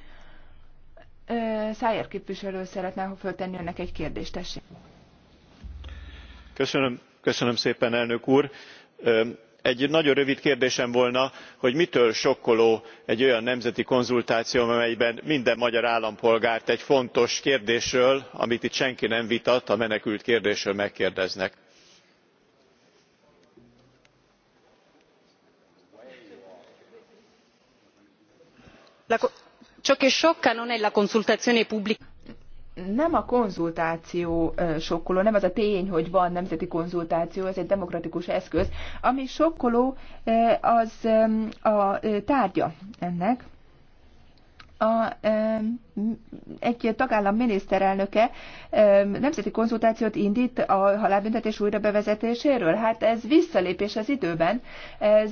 Szájer képviselő szeretne, föltenni önnek egy kérdést, tessék. Köszönöm, köszönöm szépen, elnök úr egy nagyon rövid kérdésem volna hogy mitől sokkoló egy olyan nemzeti konzultáció amelyben minden magyar állampolgárt egy fontos kérdésről amit itt senki nem vitat a menekültkérdésről megkérdeznek? nem a konzultáció sokkoló, nem az a tény, hogy van nemzeti konzultáció, ez egy demokratikus eszköz. Ami sokkoló, az a tárgya ennek. A, egy tagállam miniszterelnöke nemzeti konzultációt indít a halálbüntetés újra bevezetéséről. Hát ez visszalépés az időben. Ez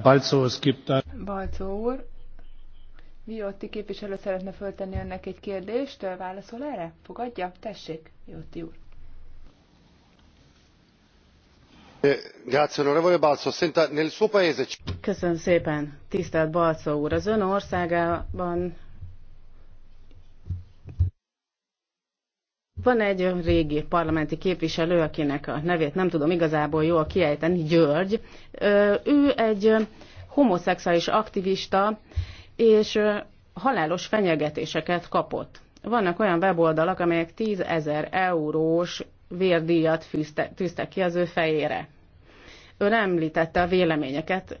Balco, Balco úr, Viotti képviselő szeretne föltenni önnek egy kérdést, válaszol erre? Fogadja? Tessék, Viotti úr. Köszönöm szépen, tisztelt Balcó úr! Az ön országában Van egy régi parlamenti képviselő, akinek a nevét nem tudom igazából jól kiejteni, György. Ő egy homoszexuális aktivista, és halálos fenyegetéseket kapott. Vannak olyan weboldalak, amelyek 10 ezer eurós vérdíjat tűztek ki az ő fejére. Ő említette a véleményeket,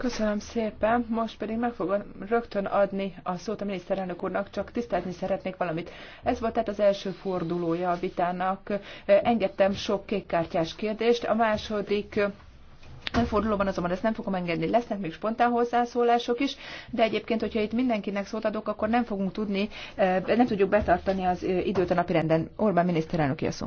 Köszönöm szépen, most pedig meg fogom rögtön adni a szót a miniszterelnök úrnak, csak tisztázni szeretnék valamit. Ez volt tehát az első fordulója a vitának. Engedtem sok kékkártyás kérdést, a második fordulóban azonban ezt nem fogom engedni, lesznek még spontán hozzászólások is, de egyébként, hogyha itt mindenkinek szót adok, akkor nem fogunk tudni, eh, nem tudjuk betartani az eh, időt a napirenden. Orbán miniszterelnök a szó.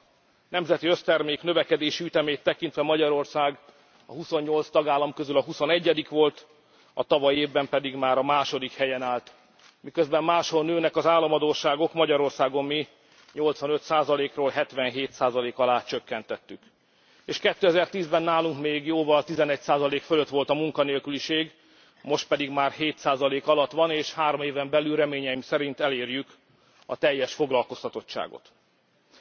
nemzeti össztermék növekedési ütemét tekintve magyarország a twenty eight tagállam közül a twenty one volt a tavalyi évben pedig már a második helyen állt. miközben máshol nőnek az államadósságok magyarországon mi eighty five ról seventy seven alá csökkentettük és two thousand and ten ben nálunk még jóval eleven fölött volt a munkanélküliség most pedig már seven alatt van és három éven belül reményeim szerint elérjük a teljes foglalkoztatottságot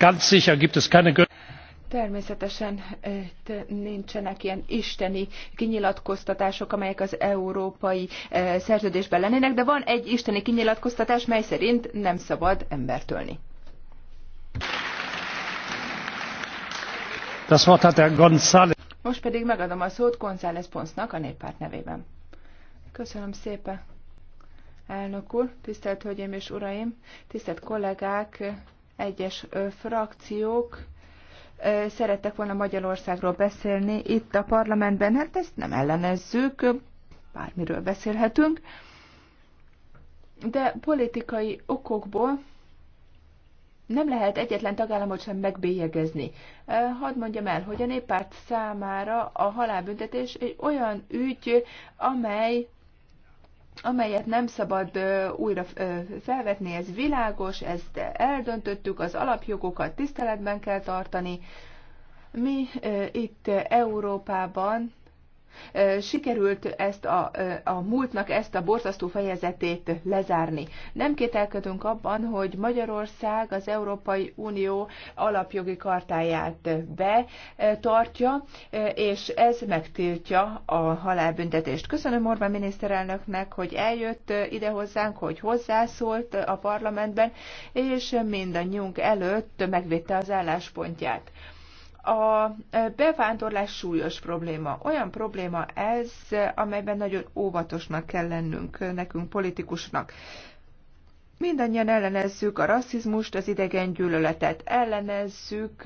Ganz sicher gibt es keine Természetesen nincsenek ilyen isteni kinyilatkoztatások, amelyek az európai szerződésben lennének, de van egy isteni kinyilatkoztatás, mely szerint nem szabad embert ölni. Das Wort hat González. Most pedig megadom a szót González Ponsznak a néppárt nevében. Köszönöm szépen. Elnök úr, tisztelt Hölgyeim és Uraim, tisztelt kollégák, egyes frakciók szerettek volna Magyarországról beszélni itt a parlamentben. Hát ezt nem ellenezzük, bármiről beszélhetünk, de politikai okokból nem lehet egyetlen tagállamot sem megbélyegezni. Hadd mondjam el, hogy a néppárt számára a halálbüntetés egy olyan ügy, amely amelyet nem szabad újra felvetni, ez világos, ezt eldöntöttük, az alapjogokat tiszteletben kell tartani. Mi itt Európában sikerült ezt a, a múltnak ezt a borzasztó fejezetét lezárni. Nem kételkedünk abban, hogy Magyarország az Európai Unió alapjogi kartáját betartja, és ez megtiltja a halálbüntetést. Köszönöm Orbán miniszterelnöknek, hogy eljött ide hozzánk, hogy hozzászólt a parlamentben, és mindannyiunk előtt megvédte az álláspontját a bevándorlás súlyos probléma. Olyan probléma ez, amelyben nagyon óvatosnak kell lennünk nekünk politikusnak. Mindannyian ellenezzük a rasszizmust, az idegen gyűlöletet, ellenezzük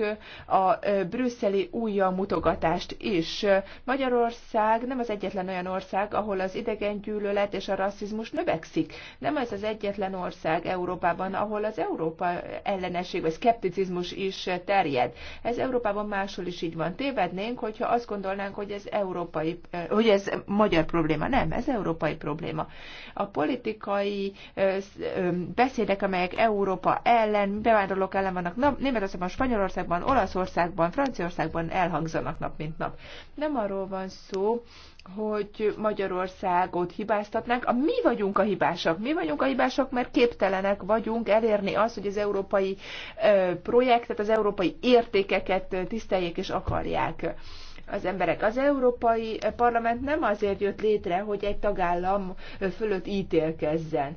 a brüsszeli újja mutogatást is. Magyarország nem az egyetlen olyan ország, ahol az idegen gyűlölet és a rasszizmus növekszik. Nem ez az egyetlen ország Európában, ahol az Európa ellenesség vagy szkepticizmus is terjed. Ez Európában máshol is így van. Tévednénk, hogyha azt gondolnánk, hogy ez európai, hogy ez magyar probléma. Nem, ez európai probléma. A politikai beszédek, amelyek Európa ellen, bevándorlók ellen vannak Németországban, Spanyolországban, Olaszországban, Franciaországban elhangzanak nap mint nap. Nem arról van szó, hogy Magyarországot hibáztatnánk. A mi vagyunk a hibásak. Mi vagyunk a hibásak, mert képtelenek vagyunk elérni azt, hogy az európai projektet, az európai értékeket tiszteljék és akarják az emberek. Az Európai Parlament nem azért jött létre, hogy egy tagállam fölött ítélkezzen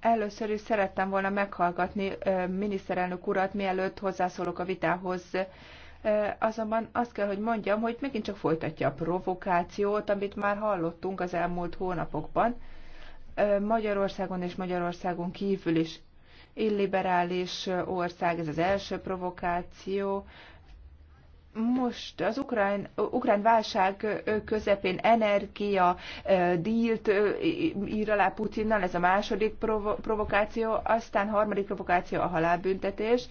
Először is szerettem volna meghallgatni miniszterelnök urat, mielőtt hozzászólok a vitához. Azonban azt kell, hogy mondjam, hogy megint csak folytatja a provokációt, amit már hallottunk az elmúlt hónapokban. Magyarországon és Magyarországon kívül is illiberális ország, ez az első provokáció, most az ukrán, ukrán válság közepén energia dílt ír alá Putinnal, ez a második provo provokáció, aztán harmadik provokáció a halálbüntetés.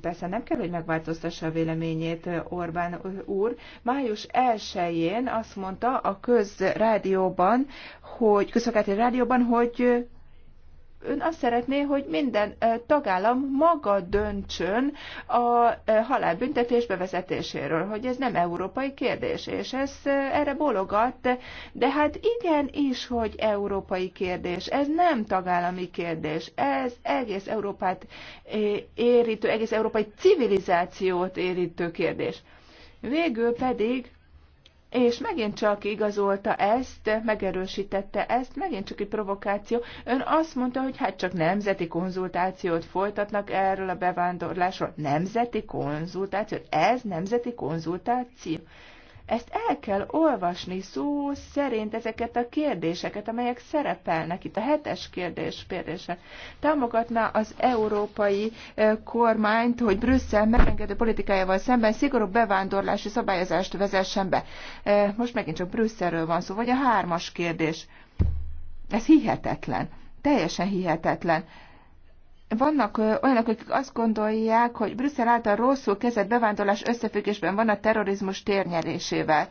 Persze nem kell, hogy megváltoztassa a véleményét Orbán úr. Május 1-én azt mondta a közrádióban, hogy, közszolgálati rádióban, hogy ön azt szeretné, hogy minden tagállam maga döntsön a halálbüntetés bevezetéséről, hogy ez nem európai kérdés, és ez erre bologat, de hát igen is, hogy európai kérdés, ez nem tagállami kérdés, ez egész Európát érítő, egész európai civilizációt érítő kérdés. Végül pedig és megint csak igazolta ezt, megerősítette ezt, megint csak egy provokáció. Ön azt mondta, hogy hát csak nemzeti konzultációt folytatnak erről a bevándorlásról. Nemzeti konzultáció? Ez nemzeti konzultáció? Ezt el kell olvasni szó szerint ezeket a kérdéseket, amelyek szerepelnek itt. A hetes kérdés kérdése. Támogatná az európai e, kormányt, hogy Brüsszel megengedő politikájával szemben szigorú bevándorlási szabályozást vezessen be. E, most megint csak Brüsszelről van szó, vagy a hármas kérdés. Ez hihetetlen. Teljesen hihetetlen vannak olyanok, akik azt gondolják, hogy Brüsszel által rosszul kezett bevándorlás összefüggésben van a terrorizmus térnyerésével.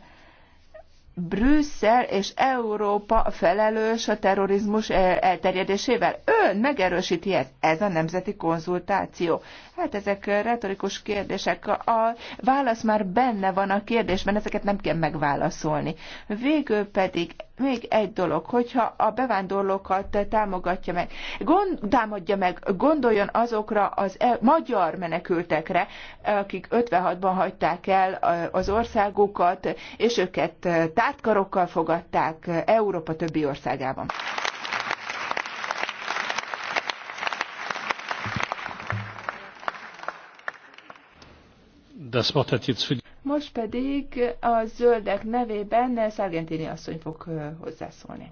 Brüsszel és Európa felelős a terrorizmus eh, elterjedésével. Ön megerősíti ezt. Ez a nemzeti konzultáció. Hát ezek retorikus kérdések. A válasz már benne van a kérdésben, ezeket nem kell megválaszolni. Végül pedig még egy dolog, hogyha a bevándorlókat támogatja meg, gond, támadja meg, gondoljon azokra az e, magyar menekültekre, akik 56-ban hagyták el eh, az országukat, és őket eh, tártkarokkal fogadták Európa többi országában. Most pedig a zöldek nevében Szargentini asszony fog hozzászólni.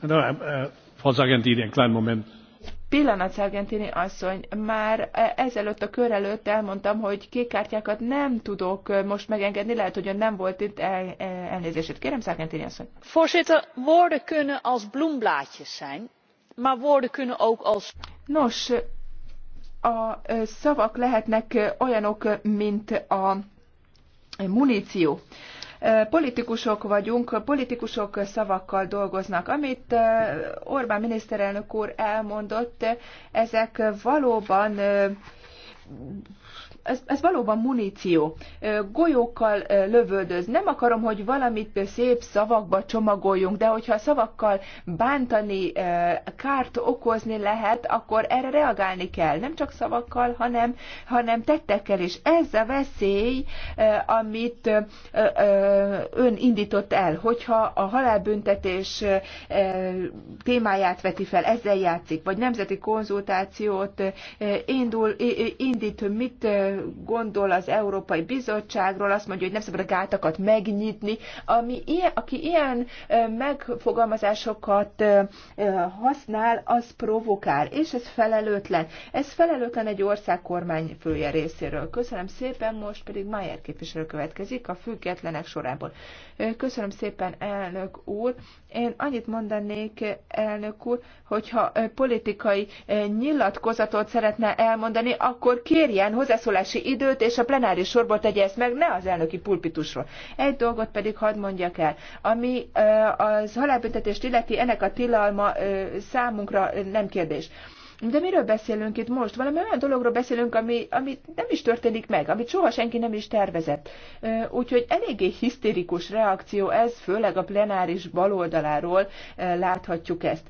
No, uh, Frau Sargentini, einen kleinen Moment. Pillanat, Szargentini asszony, már ezelőtt a kör előtt elmondtam, hogy kékkártyákat nem tudok most megengedni, lehet, hogy ön nem volt itt el, e, elnézését. Kérem, szergentini asszony. Voorzitter, woorden kunnen als bloemblaadjes zijn, maar woorden kunnen ook als... Nos, a szavak lehetnek olyanok, mint a muníció. Politikusok vagyunk, politikusok szavakkal dolgoznak. Amit Orbán miniszterelnök úr elmondott, ezek valóban ez, ez valóban muníció. Golyókkal lövöldöz. Nem akarom, hogy valamit szép szavakba csomagoljunk, de hogyha szavakkal bántani, kárt okozni lehet, akkor erre reagálni kell. Nem csak szavakkal, hanem, hanem tettekkel. És ez a veszély, amit ön indított el, hogyha a halálbüntetés témáját veti fel, ezzel játszik, vagy nemzeti konzultációt indul, indít, mit gondol az Európai Bizottságról, azt mondja, hogy nem szabad a gátakat megnyitni. Ami ilyen, aki ilyen megfogalmazásokat használ, az provokál, és ez felelőtlen. Ez felelőtlen egy ország kormányfője részéről. Köszönöm szépen, most pedig Mayer képviselő következik a függetlenek sorából. Köszönöm szépen, elnök úr. Én annyit mondanék, elnök úr, hogyha politikai nyilatkozatot szeretne elmondani, akkor kérjen hozzászólás hozzászólási időt, és a plenáris sorból tegye ezt meg, ne az elnöki pulpitusról. Egy dolgot pedig hadd mondjak el. Ami az halálbüntetést illeti, ennek a tilalma számunkra nem kérdés. De miről beszélünk itt most? Valami olyan dologról beszélünk, ami, ami nem is történik meg, amit soha senki nem is tervezett. Úgyhogy eléggé hisztérikus reakció ez, főleg a plenáris baloldaláról láthatjuk ezt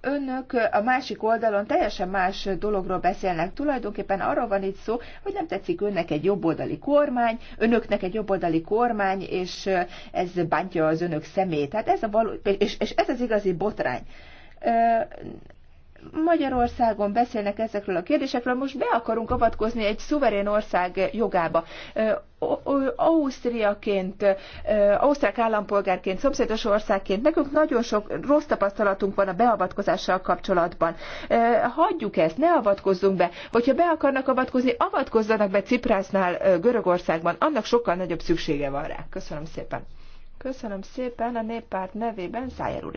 önök a másik oldalon teljesen más dologról beszélnek. Tulajdonképpen arról van itt szó, hogy nem tetszik önnek egy jobboldali kormány, önöknek egy jobboldali kormány, és ez bántja az önök szemét. Hát ez a való, és, és ez az igazi botrány Magyarországon beszélnek ezekről a kérdésekről, most be akarunk avatkozni egy szuverén ország jogába. Ausztriaként, ausztrák állampolgárként, szomszédos országként, nekünk nagyon sok rossz tapasztalatunk van a beavatkozással kapcsolatban. Hagyjuk ezt, ne avatkozzunk be. Hogyha be akarnak avatkozni, avatkozzanak be Ciprásnál, Görögországban, annak sokkal nagyobb szüksége van rá. Köszönöm szépen. Köszönöm szépen a néppárt nevében Szájer úr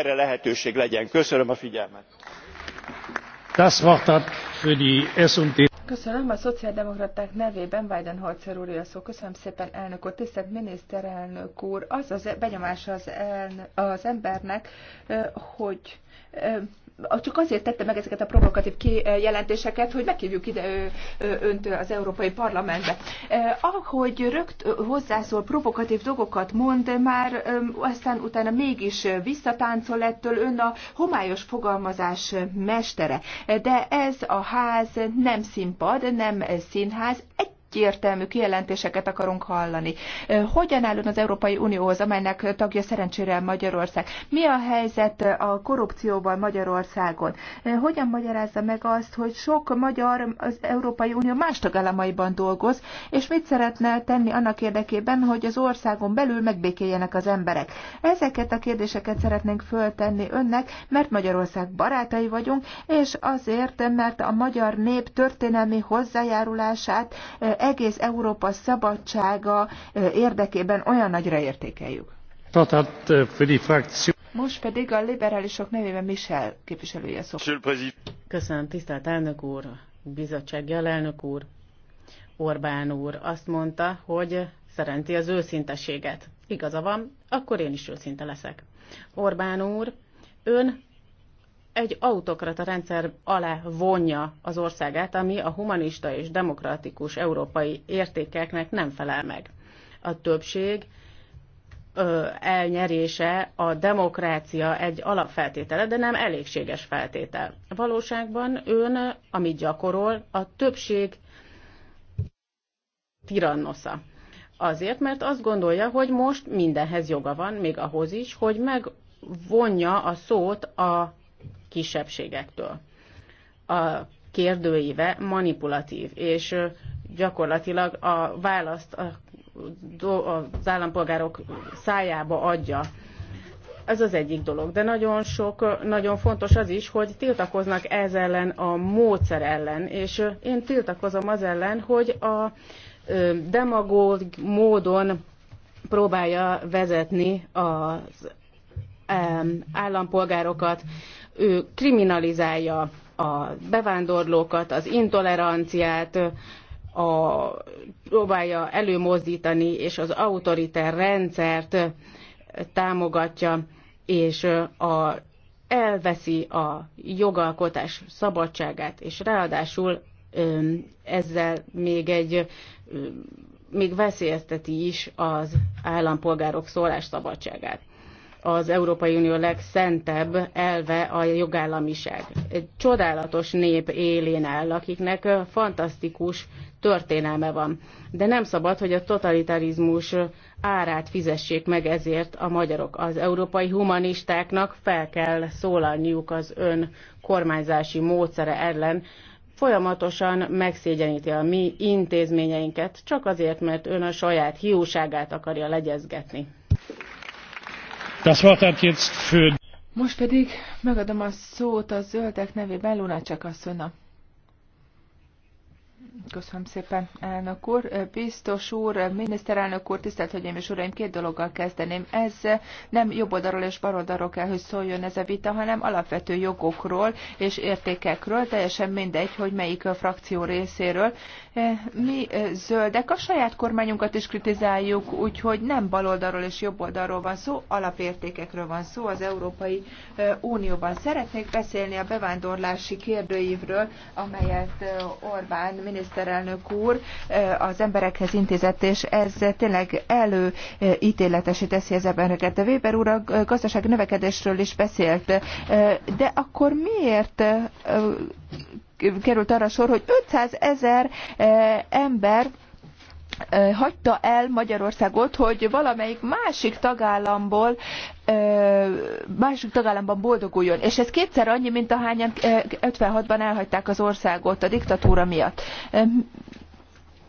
erre lehetőség legyen. köszönöm a figyelmet. Köszönöm a szociáldemokraták nevében Weidenholzer úr a szó. Köszönöm szépen, elnök úr, tisztelt miniszterelnök úr. Az az benyomása az, eln- az embernek, hogy csak azért tette meg ezeket a provokatív kijelentéseket, eh, hogy meghívjuk ide önt az Európai Parlamentbe. Eh, ahogy rögt hozzászól, provokatív dolgokat mond, már aztán utána mégis visszatáncol ettől ön a homályos fogalmazás mestere. Eh, de ez a ház nem színpad, nem színház, egy egyértelmű kijelentéseket akarunk hallani. Hogyan állunk az Európai Unióhoz, amelynek tagja szerencsére Magyarország? Mi a helyzet a korrupcióval Magyarországon? Hogyan magyarázza meg azt, hogy sok magyar az Európai Unió más tagállamaiban dolgoz, és mit szeretne tenni annak érdekében, hogy az országon belül megbékéljenek az emberek? Ezeket a kérdéseket szeretnénk föltenni önnek, mert Magyarország barátai vagyunk, és azért, mert a magyar nép történelmi hozzájárulását egész Európa szabadsága érdekében olyan nagyra értékeljük. Most pedig a liberálisok nevében Michel képviselője szó. Köszönöm, tisztelt elnök úr, bizottsági alelnök úr, Orbán úr azt mondta, hogy szerenti az őszinteséget. Igaza van, akkor én is őszinte leszek. Orbán úr, ön egy autokrata rendszer alá vonja az országát, ami a humanista és demokratikus európai értékeknek nem felel meg. A többség ö, elnyerése a demokrácia egy alapfeltétele, de nem elégséges feltétel. Valóságban ön, amit gyakorol, a többség tirannosza. Azért, mert azt gondolja, hogy most mindenhez joga van, még ahhoz is, hogy megvonja a szót a kisebbségektől. A kérdőíve manipulatív, és gyakorlatilag a választ az állampolgárok szájába adja. Ez az egyik dolog, de nagyon sok, nagyon fontos az is, hogy tiltakoznak ez ellen a módszer ellen, és én tiltakozom az ellen, hogy a demagóg módon próbálja vezetni az állampolgárokat ő kriminalizálja a bevándorlókat, az intoleranciát, a, próbálja előmozdítani, és az autoriter rendszert támogatja, és a, elveszi a jogalkotás szabadságát, és ráadásul ezzel még egy még veszélyezteti is az állampolgárok szólásszabadságát az Európai Unió legszentebb elve a jogállamiság. Egy csodálatos nép élén áll, akiknek fantasztikus történelme van. De nem szabad, hogy a totalitarizmus árát fizessék meg ezért a magyarok. Az európai humanistáknak fel kell szólalniuk az ön kormányzási módszere ellen, folyamatosan megszégyeníti a mi intézményeinket, csak azért, mert ön a saját hiúságát akarja legyezgetni. Das Wort hat jetzt für... Most pedig megadom a szót a zöldek nevében Lunacek asszonynak. Köszönöm szépen, elnök úr. Biztos úr, miniszterelnök úr, tisztelt Hölgyeim és Uraim, két dologgal kezdeném. Ez nem jobb oldalról és bal oldalról kell, hogy szóljon ez a vita, hanem alapvető jogokról és értékekről, teljesen mindegy, hogy melyik frakció részéről E, mi e, zöldek a saját kormányunkat is kritizáljuk, úgyhogy nem baloldalról és jobboldalról van szó, alapértékekről van szó az Európai e, Unióban. Szeretnék beszélni a bevándorlási kérdőívről, amelyet Orbán miniszterelnök úr az emberekhez intézett, és ez tényleg előítéletesi teszi az embereket. De Weber úr a gazdaság növekedésről is beszélt, de akkor miért került arra sor, hogy 500 ezer eh, ember eh, hagyta el Magyarországot, hogy valamelyik másik tagállamból eh, másik tagállamban boldoguljon. És ez kétszer annyi, mint ahányan 56-ban elhagyták az országot a diktatúra miatt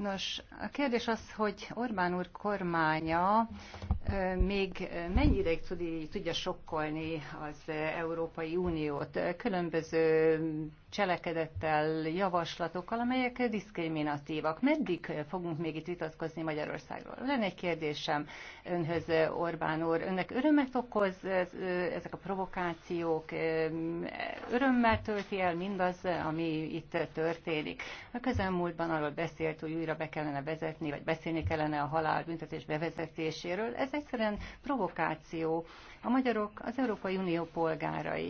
Nos, a kérdés az, hogy Orbán úr kormánya még mennyi ideig tudja sokkolni az Európai Uniót. Különböző cselekedettel, javaslatokkal, amelyek diszkriminatívak. Meddig fogunk még itt vitatkozni Magyarországról? Lenne egy kérdésem önhöz, Orbán úr. Önnek örömet okoz ezek a provokációk? Örömmel tölti el mindaz, ami itt történik? A közelmúltban arról beszélt, hogy újra be kellene vezetni, vagy beszélni kellene a halálbüntetés bevezetéséről. Ez egyszerűen provokáció. A magyarok az Európai Unió polgárai,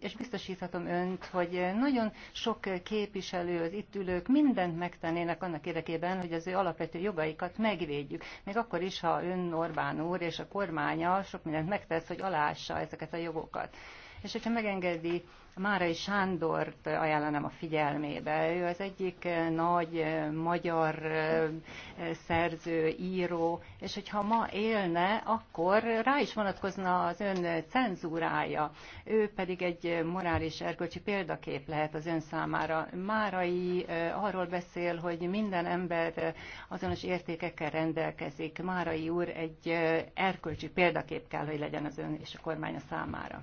és biztosíthatom önt, hogy nagyon nagyon sok képviselő, az itt ülők mindent megtennének annak érdekében, hogy az ő alapvető jogaikat megvédjük. Még akkor is, ha ön Orbán úr és a kormánya sok mindent megtesz, hogy aláássa ezeket a jogokat. És hogyha megengedi, Márai Sándort ajánlanám a figyelmébe. Ő az egyik eh, nagy eh, magyar eh, szerző, író, és hogyha ma élne, akkor rá is vonatkozna az ön cenzúrája. Ő pedig egy morális erkölcsi példakép lehet az ön számára. Márai arról beszél, hogy minden ember azonos értékekkel rendelkezik. Márai úr egy erkölcsi példakép kell, hogy legyen az ön és a kormánya számára.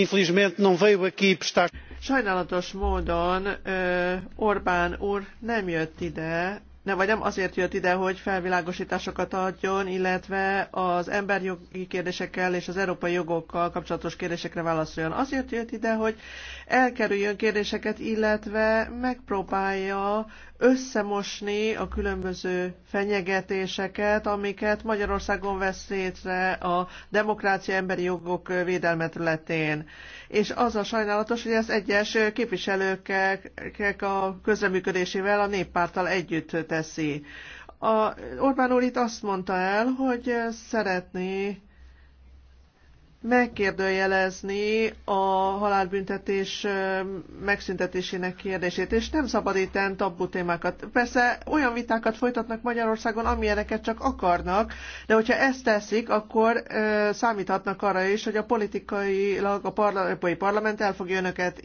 infelizmente não veio aqui prestar. Sajnálatos módon Orbán úr nem jött ide nem, vagy nem azért jött ide, hogy felvilágosításokat adjon, illetve az emberjogi kérdésekkel és az európai jogokkal kapcsolatos kérdésekre válaszoljon. Azért jött ide, hogy elkerüljön kérdéseket, illetve megpróbálja összemosni a különböző fenyegetéseket, amiket Magyarországon vesz létre a demokrácia emberi jogok védelme területén. És az a sajnálatos, hogy ez egyes képviselőkkel, a közreműködésével a néppárttal együtt tett teszi. A Orbán úr itt azt mondta el, hogy szeretné megkérdőjelezni a halálbüntetés megszüntetésének kérdését, és nem szabad itten tabu témákat. Persze olyan vitákat folytatnak Magyarországon, amilyeneket csak akarnak, de hogyha ezt teszik, akkor ö, számíthatnak arra is, hogy a politikailag a parla- parlament el fogja önöket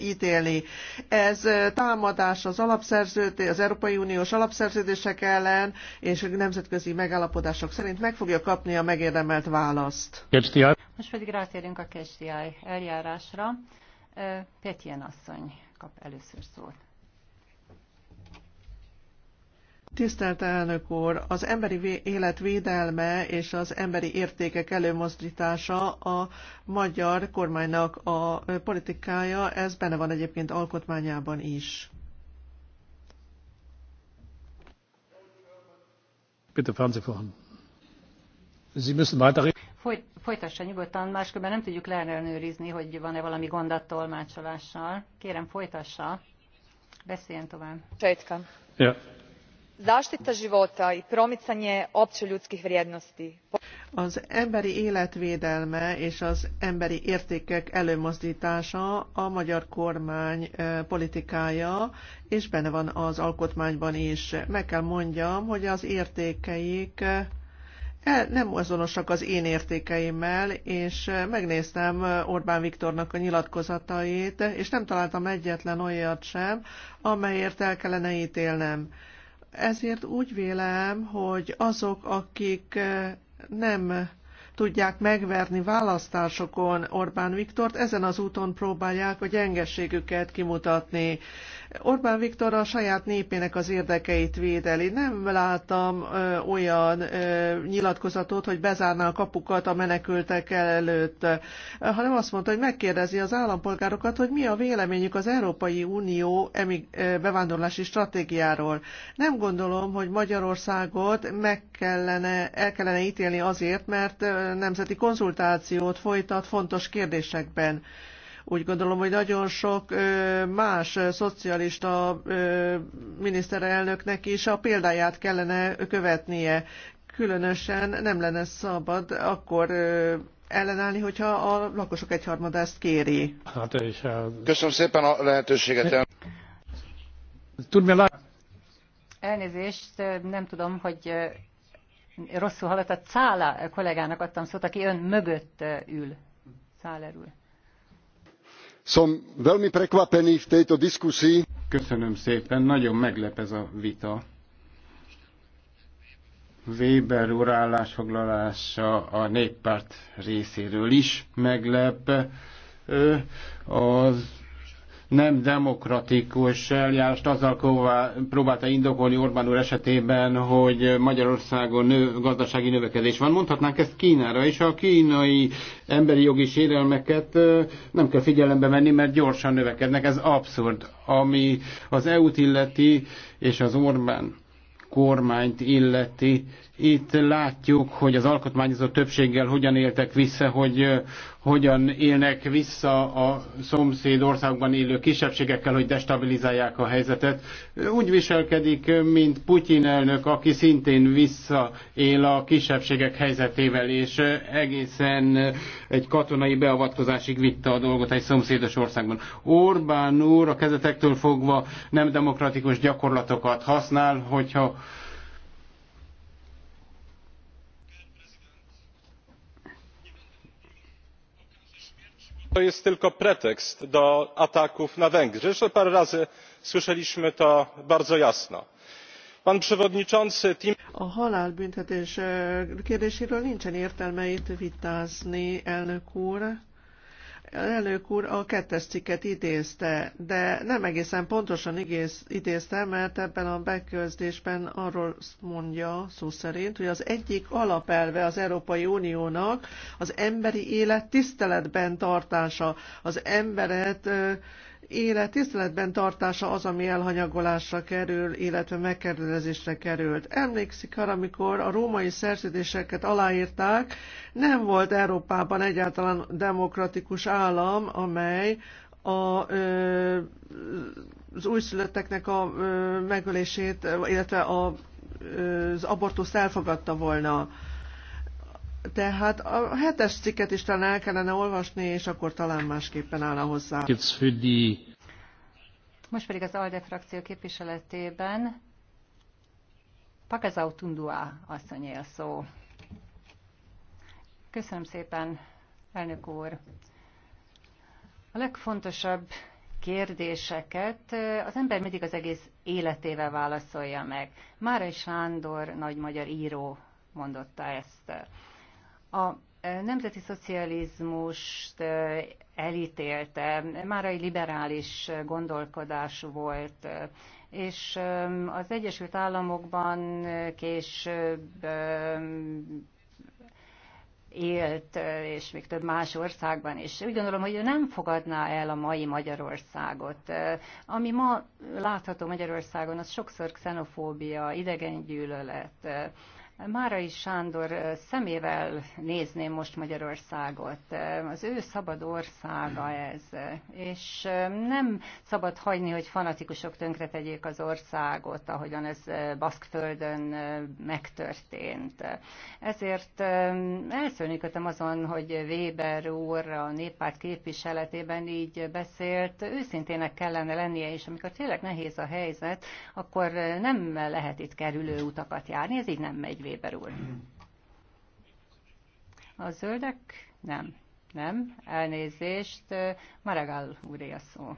ítélni. Ez támadás az alapszerződé, az Európai Uniós alapszerződések ellen, és a nemzetközi megállapodások szerint meg fogja kapni a megérdemelt választ. Köszönöm. Most pedig rátérünk a KSDI eljárásra. Petjen asszony kap először szót. Tisztelt elnök úr! Az emberi élet védelme és az emberi értékek előmozdítása a magyar kormánynak a politikája, ez benne van egyébként alkotmányában is. Bitte fahren Sie voran. Sie müssen weiterreden folytassa nyugodtan, máskülönben nem tudjuk leellenőrizni, hogy van-e valami gond a tolmácsolással. Kérem, folytassa. Beszéljen tovább. Četka. Ja. Zaštita života i promicanje opće ljudskih vrijednosti. Az emberi életvédelme és az emberi értékek előmozdítása a magyar kormány e, politikája, és benne van az alkotmányban is. Meg kell mondjam, hogy az értékeik Hát, nem azonosak az én értékeimmel, és eh, megnéztem eh, Orbán Viktornak a nyilatkozatait, és nem találtam egyetlen olyat sem, amelyért el kellene ítélnem. Ezért úgy vélem, hogy azok, akik eh, nem tudják megverni választásokon Orbán Viktort, ezen az úton próbálják a gyengeségüket kimutatni. Orbán Viktor a saját népének az érdekeit védeli. Nem láttam ö, olyan ö, nyilatkozatot, hogy bezárná a kapukat a menekültek előtt, hanem azt mondta, hogy megkérdezi az állampolgárokat, hogy mi a véleményük az Európai Unió emig- bevándorlási stratégiáról. Nem gondolom, hogy Magyarországot meg kellene, el kellene ítélni azért, mert nemzeti konzultációt folytat fontos kérdésekben. Úgy gondolom, hogy nagyon sok más szocialista miniszterelnöknek is a példáját kellene követnie. Különösen nem lenne szabad akkor ellenállni, hogyha a lakosok egyharmada ezt kéri. Hát Köszönöm szépen a lehetőséget. Elnézést, nem tudom, hogy rosszul hallott. A Cála kollégának adtam szót, aki ön mögött ül. Cáler ül som veľmi prekvapený v tejto diskusii. Köszönöm szépen, nagyon meglep ez a vita. Weber úr állásfoglalása a néppárt részéről is meglep. Az nem demokratikus eljárást azzal próbálta indokolni Orbán úr esetében, hogy Magyarországon nő, gazdasági növekedés van. Mondhatnánk ezt Kínára, és a kínai emberi jogi sérelmeket nem kell figyelembe venni, mert gyorsan növekednek. Ez abszurd, ami az EU-t illeti, és az Orbán kormányt illeti. Itt látjuk, hogy az alkotmányozó többséggel hogyan éltek vissza, hogy hogyan élnek vissza a szomszéd országban élő kisebbségekkel, hogy destabilizálják a helyzetet. Úgy viselkedik, mint Putyin elnök, aki szintén visszaél a kisebbségek helyzetével, és egészen egy katonai beavatkozásig vitte a dolgot egy szomszédos országban. Orbán úr a kezetektől fogva nem demokratikus gyakorlatokat használ, hogyha to jest tylko pretekst do ataków na węgry zresztą parę razy słyszeliśmy to bardzo jasno. pan przewodniczący timmermans. Elnök úr a kettes cikket idézte, de nem egészen pontosan igéz, idézte, mert ebben a beközdésben arról mondja szó szerint, hogy az egyik alapelve az Európai Uniónak az emberi élet tiszteletben tartása, az emberet élet tiszteletben tartása az, ami elhanyagolásra kerül, illetve megkérdezésre került. Emlékszik arra, amikor a római szerződéseket aláírták, nem volt Európában egyáltalán demokratikus állam, amely a, ö, az újszülötteknek a ö, megölését, illetve a, ö, az abortuszt elfogadta volna. Tehát a hetes cikket is talán el kellene olvasni, és akkor talán másképpen a hozzá. Most pedig az ALDE frakció képviseletében Pakazau Tundua asszonyé a szó. Köszönöm szépen, elnök úr. A legfontosabb kérdéseket az ember mindig az egész életével válaszolja meg. Márai Sándor, nagy magyar író mondotta ezt. A nemzeti szocializmust elítélte, már egy liberális gondolkodás volt, és az Egyesült Államokban később élt, és még több más országban is. Úgy gondolom, hogy ő nem fogadná el a mai Magyarországot. Ami ma látható Magyarországon, az sokszor xenofóbia, idegengyűlölet, Márai Sándor szemével nézném most Magyarországot. Az ő szabad országa ez, és nem szabad hagyni, hogy fanatikusok tönkretegyék az országot, ahogyan ez Baszkföldön megtörtént. Ezért elszörnyűködtem azon, hogy Weber úr a néppárt képviseletében így beszélt. Őszintének kellene lennie, és amikor tényleg nehéz a helyzet, akkor nem lehet itt kerülő utakat járni, ez így nem megy Weber úr. A zöldek? Nem. Nem. Elnézést. Maragall úré a szó.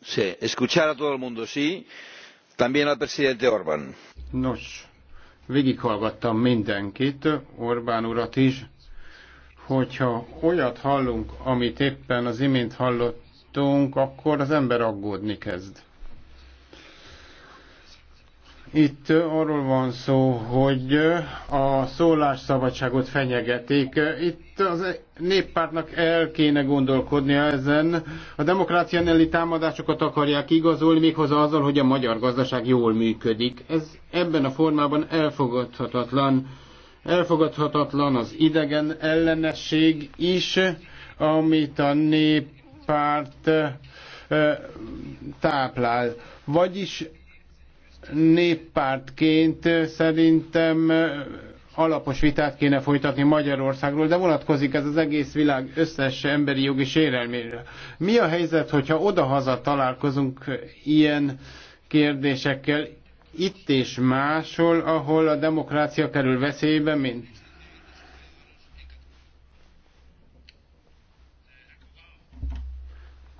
Sí, escuchar a todo el mundo, sí. También al presidente Orbán. Nos, végighallgattam mindenkit, Orbán urat is, hogyha olyat hallunk, amit éppen az imént hallott, látunk, akkor az ember aggódni kezd. Itt arról van szó, hogy a szólásszabadságot fenyegetik. Itt az néppártnak el kéne gondolkodnia ezen. A demokrácia elleni támadásokat akarják igazolni, méghozzá azzal, hogy a magyar gazdaság jól működik. Ez ebben a formában elfogadhatatlan. Elfogadhatatlan az idegen ellenesség is, amit a nép párt táplál. Vagyis néppártként szerintem alapos vitát kéne folytatni Magyarországról, de vonatkozik ez az egész világ összes emberi jogi sérelmére. Mi a helyzet, hogyha odahaza találkozunk ilyen kérdésekkel, itt és máshol, ahol a demokrácia kerül veszélybe, mint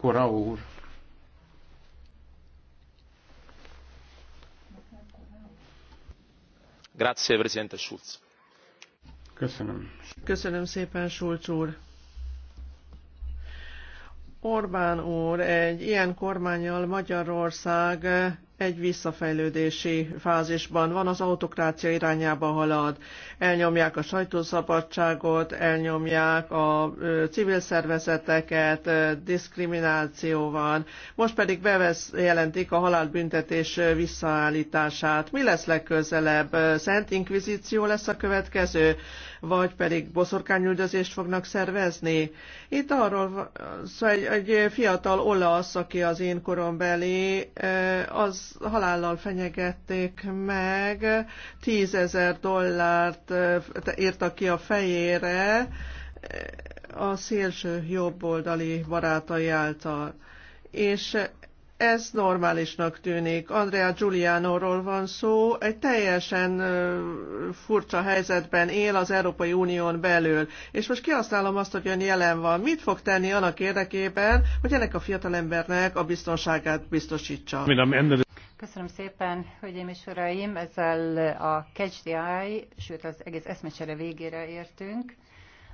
Kora úr. Grazie, Presidente Schulz. Köszönöm. Köszönöm szépen, Schulz úr. Orbán úr, egy ilyen kormányjal Magyarország egy visszafejlődési fázisban van, az autokrácia irányába halad. Elnyomják a sajtószabadságot, elnyomják a civil szervezeteket, diszkrimináció van. Most pedig bevesz, jelentik a halálbüntetés visszaállítását. Mi lesz legközelebb? Szent Inkvizíció lesz a következő? vagy pedig boszorkányüldözést fognak szervezni. Itt arról szóval egy, egy fiatal olasz, aki az én korombeli, az halállal fenyegették meg, tízezer dollárt írtak ki a fejére, a szélső jobboldali barátai által. És ez normálisnak tűnik. Andrea Giulianoról van szó, egy teljesen furcsa helyzetben él az Európai Unión belül. És most kihasználom azt, hogy ön jelen van. Mit fog tenni annak érdekében, hogy ennek a fiatalembernek a biztonságát biztosítsa? Köszönöm szépen, hölgyeim és uraim, ezzel a Catch the Eye, sőt az egész eszmecsere végére értünk.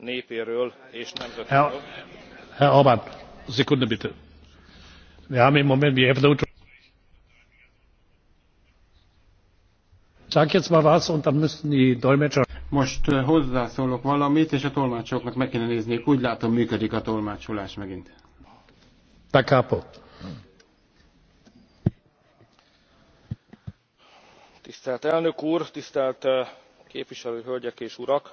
népéről és nemzetéről. herr bitte! Most äh, hozzászólok valamit, és a tolmácsoknak meg kéne nézniük. Úgy látom, működik a tolmácsolás megint. Da capo. Tisztelt elnök úr, tisztelt képviselő hölgyek és urak!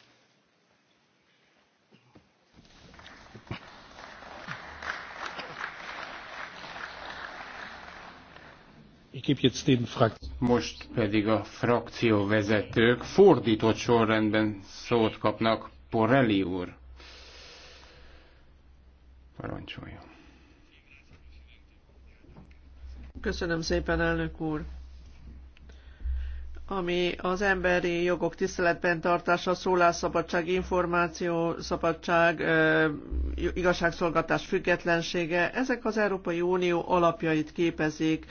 Most pedig a frakcióvezetők fordított sorrendben szót kapnak. Porelli úr. Parancsoljon. Köszönöm szépen, elnök úr ami az emberi jogok tiszteletben tartása, szólásszabadság, szabadság, igazságszolgatás függetlensége, ezek az Európai Unió alapjait képezik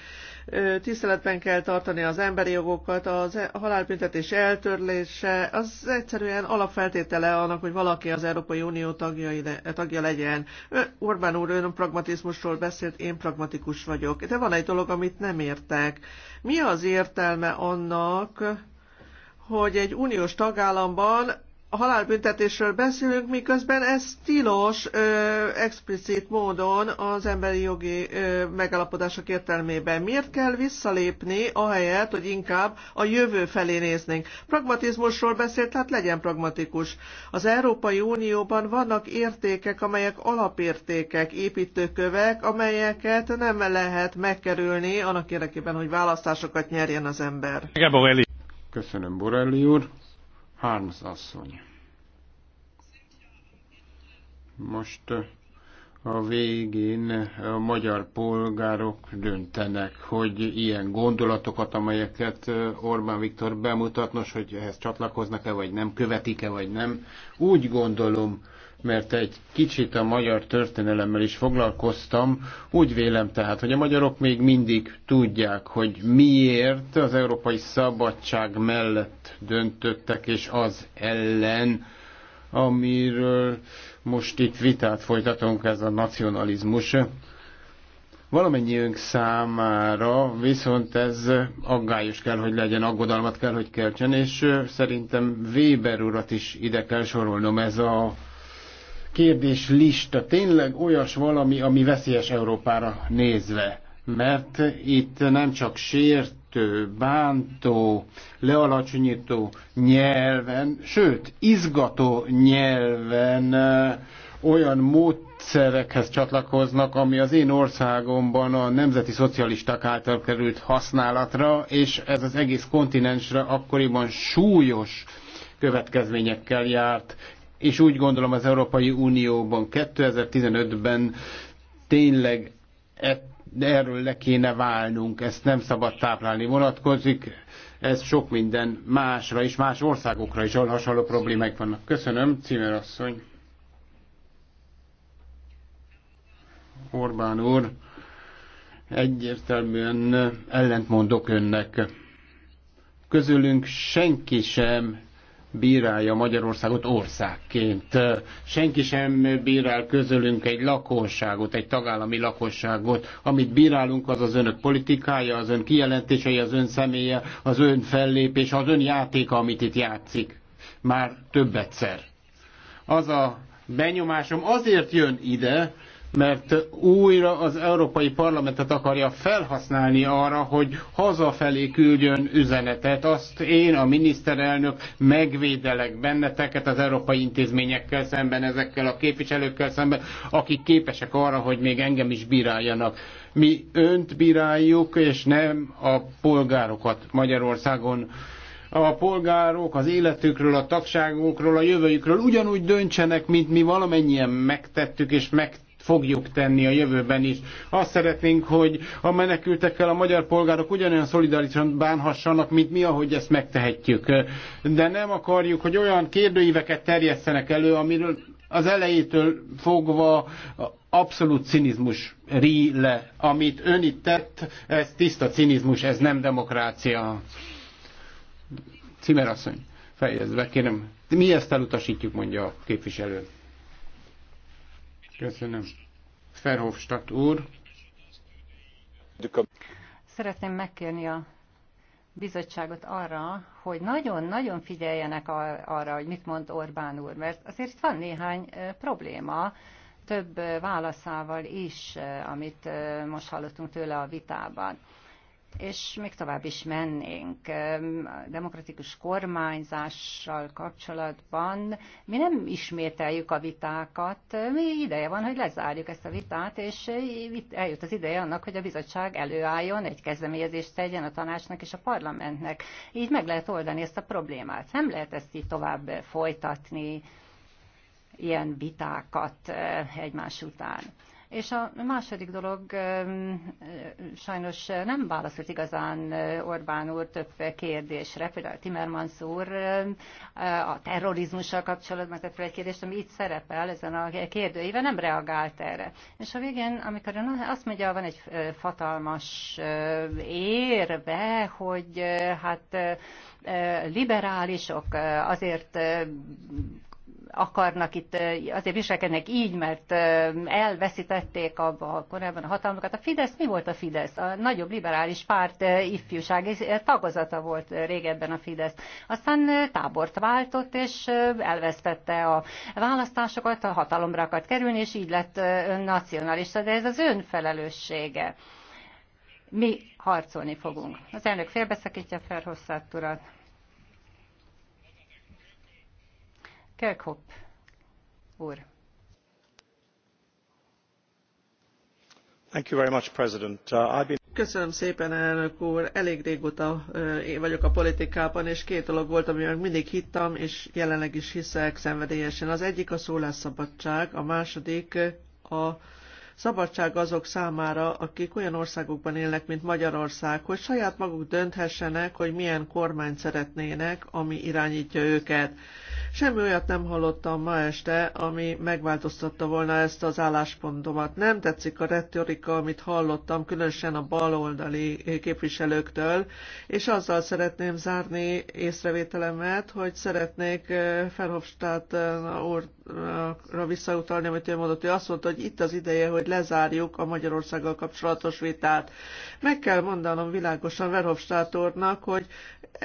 tiszteletben kell tartani az emberi jogokat, a e- halálbüntetés eltörlése, az egyszerűen alapfeltétele annak, hogy valaki az Európai Unió ide tagja legyen. Orbán úr ön pragmatizmusról beszélt, én pragmatikus vagyok. De van egy dolog, amit nem értek. Mi az értelme annak, hogy egy uniós tagállamban a halálbüntetésről beszélünk, miközben ez tilos ö, explicit módon az emberi jogi ö, megállapodások értelmében. Miért kell visszalépni, ahelyett, hogy inkább a jövő felé néznénk? Pragmatizmusról beszélt, hát legyen pragmatikus. Az Európai Unióban vannak értékek, amelyek alapértékek, építőkövek, amelyeket nem lehet megkerülni annak érdekében, hogy választásokat nyerjen az ember. Köszönöm, Borelli úr. Harms asszony. Most a végén a magyar polgárok döntenek, hogy ilyen gondolatokat, amelyeket Orbán Viktor bemutatnos, hogy ehhez csatlakoznak-e, vagy nem, követik-e, vagy nem. Úgy gondolom, mert egy kicsit a magyar történelemmel is foglalkoztam. Úgy vélem tehát, hogy a magyarok még mindig tudják, hogy miért az európai szabadság mellett döntöttek, és az ellen, amiről most itt vitát folytatunk, ez a nacionalizmus. önk számára viszont ez aggályos kell, hogy legyen, aggodalmat kell, hogy keltsen, és szerintem Weber urat is ide kell sorolnom. Ez a kérdés lista tényleg olyas valami, ami veszélyes Európára nézve. Mert itt nem csak sértő, bántó, lealacsonyító nyelven, sőt, izgató nyelven olyan módszerekhez csatlakoznak, ami az én országomban a nemzeti szocialisták által került használatra, és ez az egész kontinensre akkoriban súlyos következményekkel járt és úgy gondolom az Európai Unióban 2015-ben tényleg ett, erről le kéne válnunk, ezt nem szabad táplálni. Vonatkozik ez sok minden másra és más országokra is, hasonló problémák vannak. Köszönöm, Cimer asszony. Orbán úr, egyértelműen ellentmondok önnek. Közülünk senki sem bírálja Magyarországot országként. Senki sem bírál közülünk egy lakosságot, egy tagállami lakosságot. Amit bírálunk, az az önök politikája, az ön kijelentései, az ön személye, az ön fellépés, az ön játéka, amit itt játszik. Már többetszer. Az a benyomásom azért jön ide, mert újra az Európai Parlamentet akarja felhasználni arra, hogy hazafelé küldjön üzenetet. Azt én, a miniszterelnök megvédelek benneteket az európai intézményekkel szemben, ezekkel a képviselőkkel szemben, akik képesek arra, hogy még engem is bíráljanak. Mi önt bíráljuk, és nem a polgárokat Magyarországon a polgárok az életükről, a tagságunkról, a jövőjükről ugyanúgy döntsenek, mint mi valamennyien megtettük és megtettük fogjuk tenni a jövőben is. Azt szeretnénk, hogy a menekültekkel a magyar polgárok ugyanolyan szolidarisan bánhassanak, mint mi, ahogy ezt megtehetjük. De nem akarjuk, hogy olyan kérdőíveket terjesszenek elő, amiről az elejétől fogva abszolút cinizmus ríle, le. Amit ön itt tett, ez tiszta cinizmus, ez nem demokrácia. Cimerasszony, fejezve kérem. Mi ezt elutasítjuk, mondja a képviselő. Köszönöm. Ferhofstadt úr. Szeretném megkérni a bizottságot arra, hogy nagyon-nagyon figyeljenek arra, hogy mit mond Orbán úr, mert azért itt van néhány probléma, több válaszával is, amit most hallottunk tőle a vitában és még tovább is mennénk. A demokratikus kormányzással kapcsolatban mi nem ismételjük a vitákat, mi ideje van, hogy lezárjuk ezt a vitát, és eljut az ideje annak, hogy a bizottság előálljon, egy kezdeményezést tegyen a tanácsnak és a parlamentnek. Így meg lehet oldani ezt a problémát. Nem lehet ezt így tovább folytatni, ilyen vitákat eh, egymás után. És a második dolog, sajnos nem válaszolt igazán Orbán úr több kérdésre, például Timmermans úr a terrorizmussal kapcsolatban tett fel egy kérdést, ami itt szerepel ezen a kérdőjével, nem reagált erre. És a végén, amikor azt mondja, van egy fatalmas érve, hogy hát liberálisok azért akarnak itt, azért viselkednek így, mert elveszítették a, a korábban a hatalmukat. A Fidesz mi volt a Fidesz? A nagyobb liberális párt ifjúsági tagozata volt régebben a Fidesz. Aztán tábort váltott, és elvesztette a választásokat, a hatalomra akart kerülni, és így lett ön nacionalista, de ez az ön felelőssége. Mi harcolni fogunk. Az elnök félbeszakítja Ferhosszát urat. Kerkhopp úr. Thank you very much, President. Uh, I've been... Köszönöm szépen, elnök úr. Elég régóta én vagyok a politikában, és két dolog volt, amiben mindig hittem, és jelenleg is hiszek szenvedélyesen. Az egyik a szólásszabadság, a második a szabadság azok számára, akik olyan országokban élnek, mint Magyarország, hogy saját maguk dönthessenek, hogy milyen kormányt szeretnének, ami irányítja őket. Semmi olyat nem hallottam ma este, ami megváltoztatta volna ezt az álláspontomat. Nem tetszik a retorika, amit hallottam, különösen a baloldali képviselőktől, és azzal szeretném zárni észrevételemet, hogy szeretnék eh, Ferhofstadt eh, úrra visszautalni, amit ő mondott. Ő azt mondta, hogy itt az ideje, hogy lezárjuk a Magyarországgal kapcsolatos vitát. Meg kell mondanom világosan Verhofstadt úrnak, hogy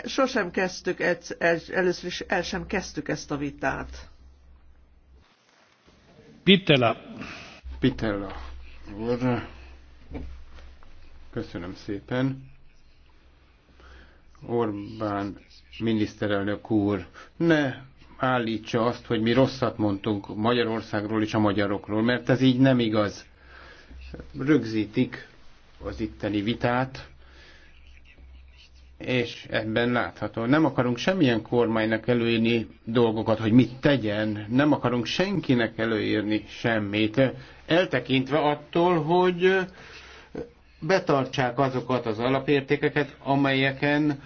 sosem kezdtük, először is el sem kezdtük ezt a vitát. Pitella. Pitella köszönöm szépen. Orbán miniszterelnök úr, ne állítsa azt, hogy mi rosszat mondtunk Magyarországról és a magyarokról, mert ez így nem igaz. Rögzítik az itteni vitát, és ebben látható. Nem akarunk semmilyen kormánynak előírni dolgokat, hogy mit tegyen, nem akarunk senkinek előírni semmit, eltekintve attól, hogy betartsák azokat az alapértékeket, amelyeken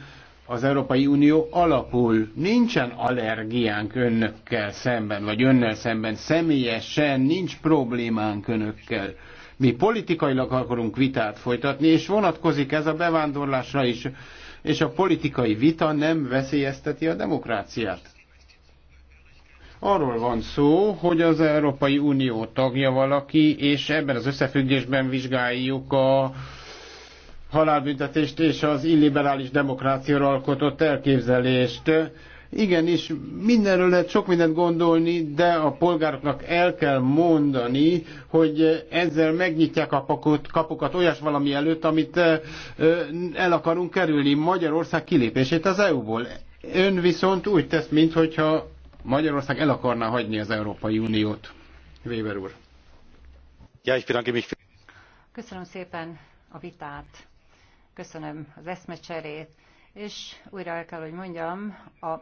az Európai Unió alapul. Nincsen allergiánk önökkel szemben, vagy önnel szemben, személyesen nincs problémánk önökkel. Mi politikailag akarunk vitát folytatni, és vonatkozik ez a bevándorlásra is és a politikai vita nem veszélyezteti a demokráciát. Arról van szó, hogy az Európai Unió tagja valaki, és ebben az összefüggésben vizsgáljuk a halálbüntetést és az illiberális demokráciára alkotott elképzelést. Igenis, mindenről lehet sok mindent gondolni, de a polgároknak el kell mondani, hogy ezzel megnyitják a pakot, kapukat olyas valami előtt, amit el akarunk kerülni Magyarország kilépését az EU-ból. Ön viszont úgy tesz, mintha Magyarország el akarná hagyni az Európai Uniót. Weber úr. Köszönöm szépen a vitát, köszönöm az eszmecserét és újra el kell, hogy mondjam, a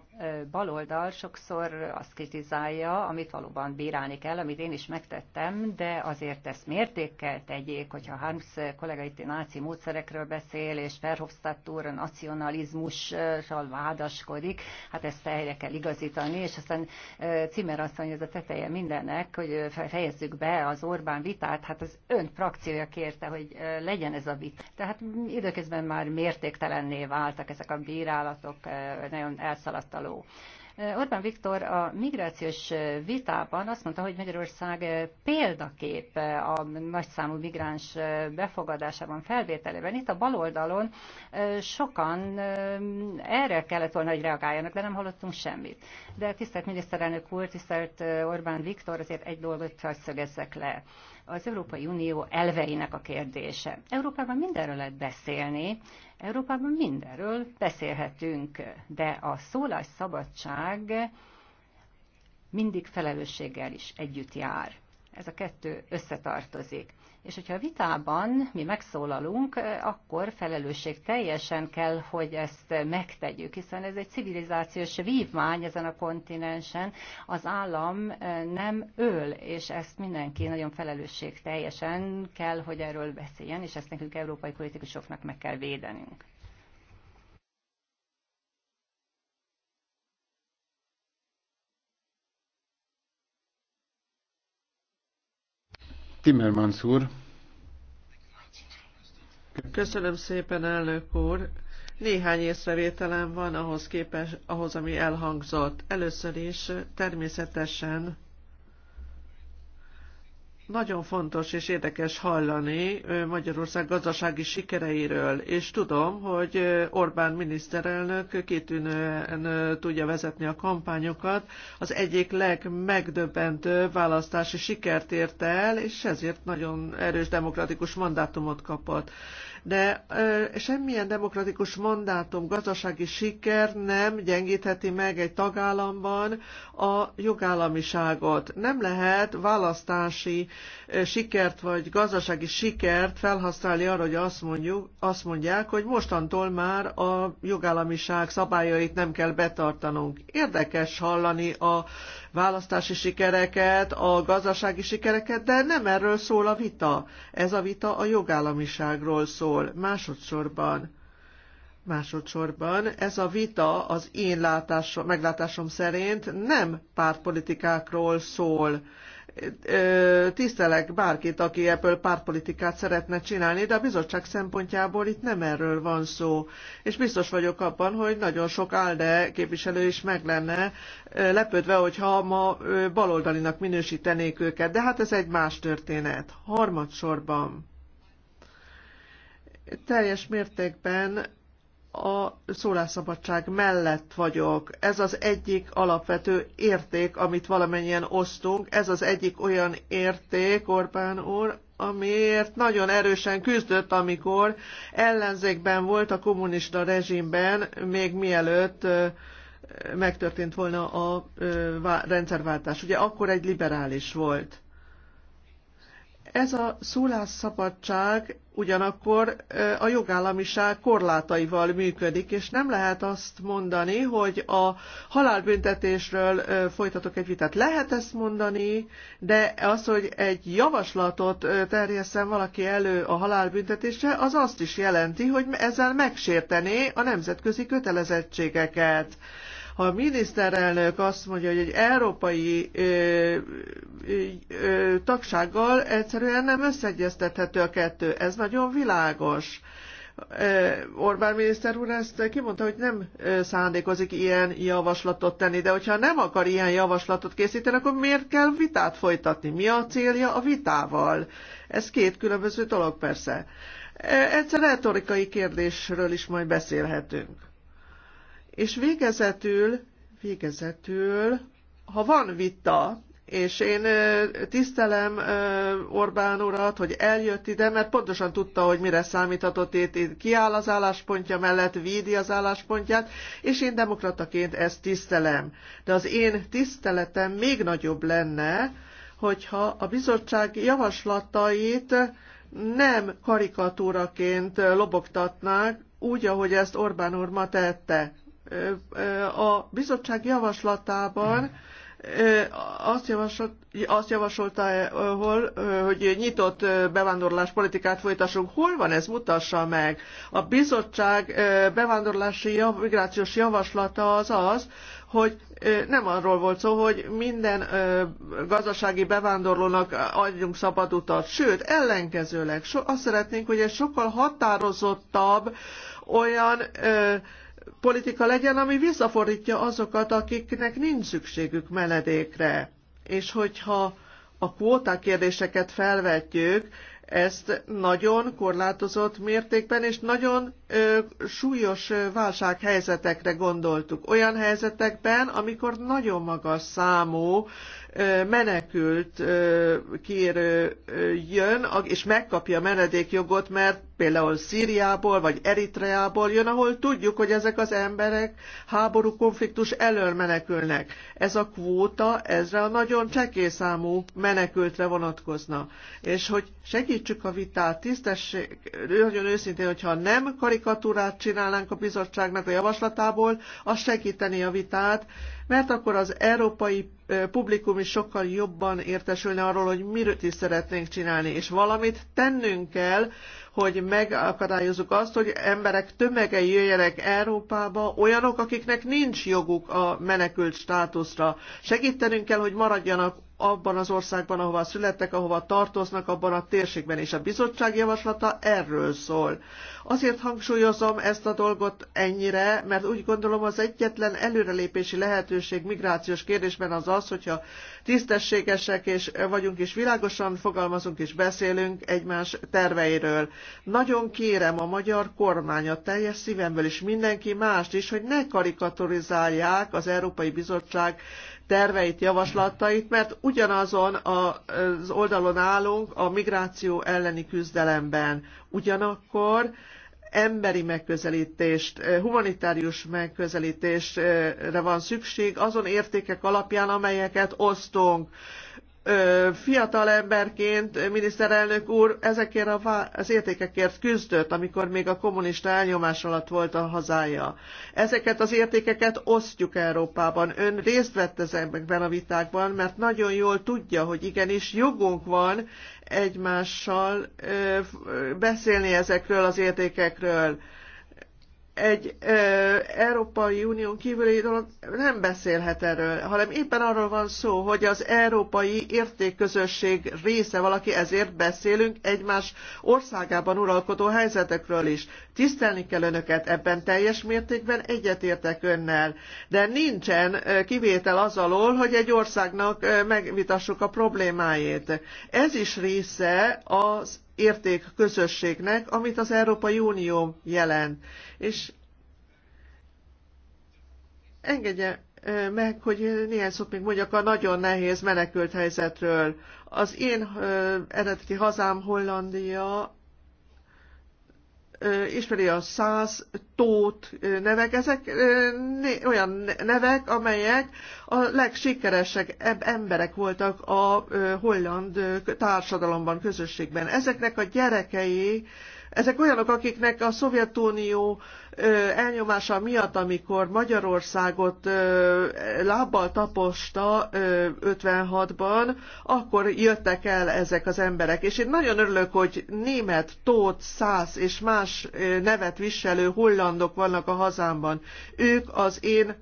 baloldal sokszor azt kritizálja, amit valóban bírálni kell, amit én is megtettem, de azért ezt mértékkel tegyék, hogyha Harms kollega itt náci módszerekről beszél, és Verhofstadt úr nacionalizmussal vádaskodik, hát ezt helyre kell igazítani, és aztán Cimer hogy ez a teteje mindennek, hogy fejezzük be az Orbán vitát, hát az ön frakciója kérte, hogy legyen ez a vita. Tehát időközben már mértéktelenné váltak ezek ezek a bírálatok, nagyon elszaladtaló. Orbán Viktor a migrációs vitában azt mondta, hogy Magyarország példakép a nagyszámú migráns befogadásában, felvételében. Itt a baloldalon sokan erre kellett volna, hogy reagáljanak, de nem hallottunk semmit. De tisztelt miniszterelnök úr, tisztelt Orbán Viktor, azért egy dolgot hagyszögezzek le az Európai Unió elveinek a kérdése. Európában mindenről lehet beszélni, Európában mindenről beszélhetünk, de a szólásszabadság mindig felelősséggel is együtt jár. Ez a kettő összetartozik. És hogyha a vitában mi megszólalunk, akkor felelősség teljesen kell, hogy ezt megtegyük, hiszen ez egy civilizációs vívmány ezen a kontinensen. Az állam eh, nem öl, és ezt mindenki nagyon felelősség teljesen kell, hogy erről beszéljen, és ezt nekünk európai politikusoknak meg kell védenünk. Timmermans úr. Köszönöm szépen, elnök úr. Néhány észrevételem van ahhoz képest, ahhoz, ami elhangzott. Először is természetesen nagyon fontos és érdekes hallani Magyarország gazdasági sikereiről, és tudom, hogy Orbán miniszterelnök kitűnően tudja vezetni a kampányokat. Az egyik legmegdöbbentő választási sikert ért el, és ezért nagyon erős demokratikus mandátumot kapott de semmilyen demokratikus mandátum, gazdasági siker nem gyengítheti meg egy tagállamban a jogállamiságot. Nem lehet választási sikert vagy gazdasági sikert felhasználni arra, hogy azt, mondjuk, azt mondják, hogy mostantól már a jogállamiság szabályait nem kell betartanunk. Érdekes hallani a választási sikereket, a gazdasági sikereket, de nem erről szól a vita. Ez a vita a jogállamiságról szól másodszorban. Másodszorban ez a vita az én látásom, meglátásom szerint nem pártpolitikákról szól tisztelek bárkit, aki ebből pártpolitikát szeretne csinálni, de a bizottság szempontjából itt nem erről van szó. És biztos vagyok abban, hogy nagyon sok ALDE képviselő is meg lenne lepődve, hogyha ma baloldalinak minősítenék őket. De hát ez egy más történet. Harmadsorban teljes mértékben a szólásszabadság mellett vagyok. Ez az egyik alapvető érték, amit valamennyien osztunk. Ez az egyik olyan érték, Orbán úr, amiért nagyon erősen küzdött, amikor ellenzékben volt a kommunista rezsimben, még mielőtt megtörtént volna a rendszerváltás. Ugye akkor egy liberális volt ez a szólásszabadság ugyanakkor a jogállamiság korlátaival működik, és nem lehet azt mondani, hogy a halálbüntetésről folytatok egy vitát. Lehet ezt mondani, de az, hogy egy javaslatot terjeszem valaki elő a halálbüntetésre, az azt is jelenti, hogy ezzel megsértené a nemzetközi kötelezettségeket ha a miniszterelnök azt mondja, hogy egy európai ö, ö, ö, tagsággal egyszerűen nem összeegyeztethető a kettő, ez nagyon világos. Orbán miniszter úr ezt kimondta, hogy nem szándékozik ilyen javaslatot tenni, de hogyha nem akar ilyen javaslatot készíteni, akkor miért kell vitát folytatni? Mi a célja a vitával? Ez két különböző dolog persze. Egyszer retorikai kérdésről is majd beszélhetünk. És végezetül, végezetül, ha van vita, és én tisztelem Orbán urat, hogy eljött ide, mert pontosan tudta, hogy mire számíthatott itt, itt kiáll az álláspontja mellett, védi az álláspontját, és én demokrataként ezt tisztelem. De az én tiszteletem még nagyobb lenne, hogyha a bizottság javaslatait nem karikatúraként lobogtatnák, úgy, ahogy ezt Orbán úr ma tette a bizottság javaslatában azt, javasolt, azt javasolta, hol, hogy nyitott bevándorlás politikát folytassunk. Hol van ez? Mutassa meg. A bizottság bevándorlási migrációs javaslata az az, hogy nem arról volt szó, hogy minden gazdasági bevándorlónak adjunk szabad utat, sőt, ellenkezőleg azt szeretnénk, hogy egy sokkal határozottabb olyan politika legyen, ami visszafordítja azokat, akiknek nincs szükségük meledékre. És hogyha a kvóták kérdéseket felvetjük, ezt nagyon korlátozott mértékben és nagyon ö, súlyos válsághelyzetekre gondoltuk. Olyan helyzetekben, amikor nagyon magas számú menekült kérő jön, és megkapja a menedékjogot, mert például Szíriából vagy Eritreából jön, ahol tudjuk, hogy ezek az emberek háború konfliktus elől menekülnek. Ez a kvóta ezre a nagyon csekélyszámú menekültre vonatkozna. És hogy segítsük a vitát, tisztesség, nagyon őszintén, hogyha nem karikatúrát csinálnánk a bizottságnak a javaslatából, az segíteni a vitát, mert akkor az európai publikum is sokkal jobban értesülne arról, hogy miről is szeretnénk csinálni, és valamit tennünk kell, hogy megakadályozzuk azt, hogy emberek tömegei jöjjenek Európába, olyanok, akiknek nincs joguk a menekült státuszra. Segítenünk kell, hogy maradjanak abban az országban, ahova születtek, ahova tartoznak, abban a térségben, és a bizottság javaslata erről szól. Azért hangsúlyozom ezt a dolgot ennyire, mert úgy gondolom az egyetlen előrelépési lehetőség migrációs kérdésben az az, hogyha tisztességesek és vagyunk és világosan fogalmazunk és beszélünk egymás terveiről. Nagyon kérem a magyar kormány a teljes szívemből és mindenki mást is, hogy ne karikaturizálják az Európai Bizottság terveit, javaslatait, mert ugyanazon az oldalon állunk a migráció elleni küzdelemben. Ugyanakkor emberi megközelítést, humanitárius megközelítésre van szükség azon értékek alapján, amelyeket osztunk fiatal emberként miniszterelnök úr ezekért a, az értékekért küzdött, amikor még a kommunista elnyomás alatt volt a hazája. Ezeket az értékeket osztjuk Európában. Ön részt vett ezekben a vitákban, mert nagyon jól tudja, hogy igenis jogunk van egymással beszélni ezekről az értékekről egy ö, Európai Unión kívüli dolog nem beszélhet erről, hanem éppen arról van szó, hogy az európai értékközösség része valaki, ezért beszélünk egymás országában uralkodó helyzetekről is. Tisztelni kell önöket, ebben teljes mértékben egyetértek önnel. De nincsen kivétel az alól, hogy egy országnak megvitassuk a problémáit. Ez is része az érték közösségnek, amit az Európai Unió jelent. És engedje meg, hogy néhány szót még mondjak a nagyon nehéz menekült helyzetről. Az én eredeti hazám Hollandia ismeri a száz tót nevek, ezek olyan nevek, amelyek a legsikeresebb emberek voltak a holland társadalomban, közösségben. Ezeknek a gyerekei, ezek olyanok, akiknek a Szovjetunió elnyomása miatt, amikor Magyarországot lábbal taposta 56-ban, akkor jöttek el ezek az emberek. És én nagyon örülök, hogy német, tót, szász és más nevet viselő hollandok vannak a hazámban. Ők az én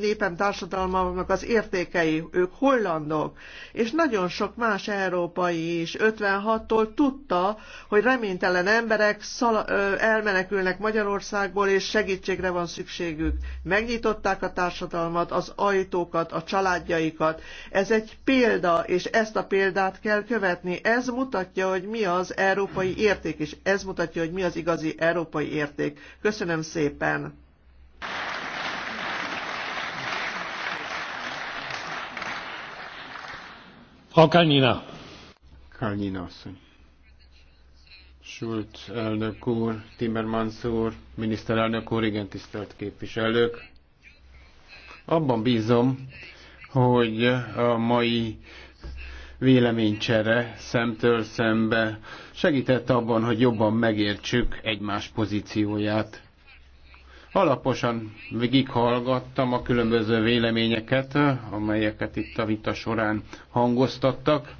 népem társadalmamnak az értékei, ők hollandok. És nagyon sok más európai is 56-tól tudta, hogy reménytelen emberek elmenekülnek Magyarország gazdaságból és segítségre van szükségük. Megnyitották a társadalmat, az ajtókat, a családjaikat. Ez egy példa, és ezt a példát kell követni. Ez mutatja, hogy mi az európai érték, és ez mutatja, hogy mi az igazi európai érték. Köszönöm szépen! Frau Kalnina. Kalnina asszony. Schulz elnök úr, Timmermans úr, miniszterelnök úr, igen tisztelt képviselők. Abban bízom, hogy a mai véleménycsere szemtől szembe segített abban, hogy jobban megértsük egymás pozícióját. Alaposan végighallgattam a különböző véleményeket, amelyeket itt a vita során hangoztattak,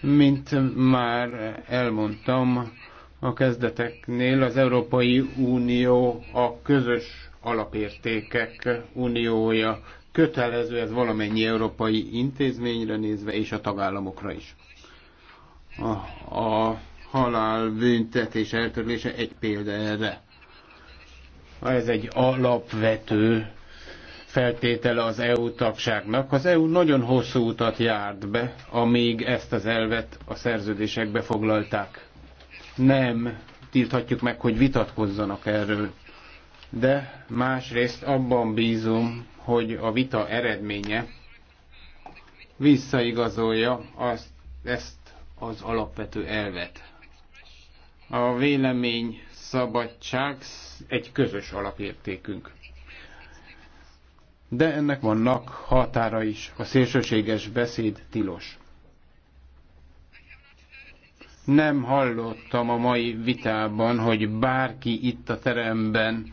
mint már elmondtam a kezdeteknél, az Európai Unió a közös alapértékek uniója. Kötelező ez valamennyi európai intézményre nézve, és a tagállamokra is. A, a halálbüntetés eltörlése egy példa erre. Ez egy alapvető feltétele az EU tagságnak. Az EU nagyon hosszú utat járt be, amíg ezt az elvet a szerződésekbe foglalták. Nem tilthatjuk meg, hogy vitatkozzanak erről. De másrészt abban bízom, hogy a vita eredménye visszaigazolja azt, ezt az alapvető elvet. A vélemény szabadság egy közös alapértékünk de ennek vannak határa is. A szélsőséges beszéd tilos. Nem hallottam a mai vitában, hogy bárki itt a teremben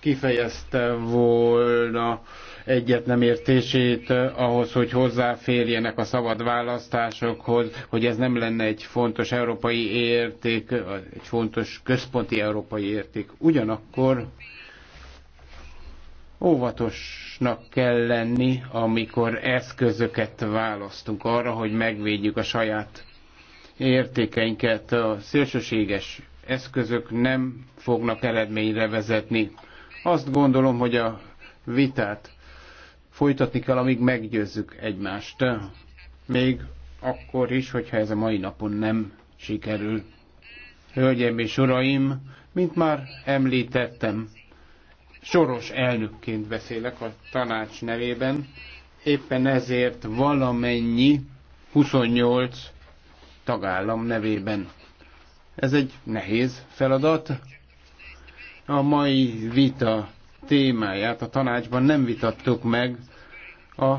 kifejezte volna egyet nem értését ahhoz, hogy hozzáférjenek a szabad választásokhoz, hogy ez nem lenne egy fontos európai érték, egy fontos központi európai érték. Ugyanakkor óvatos óvatosnak kell lenni, amikor eszközöket választunk arra, hogy megvédjük a saját értékeinket. A szélsőséges eszközök nem fognak eredményre vezetni. Azt gondolom, hogy a vitát folytatni kell, amíg meggyőzzük egymást. Még akkor is, hogyha ez a mai napon nem sikerül. Hölgyeim és uraim, mint már említettem, soros elnökként beszélek a tanács nevében, éppen ezért valamennyi 28 tagállam nevében. Ez egy nehéz feladat. A mai vita témáját a tanácsban nem vitattuk meg. A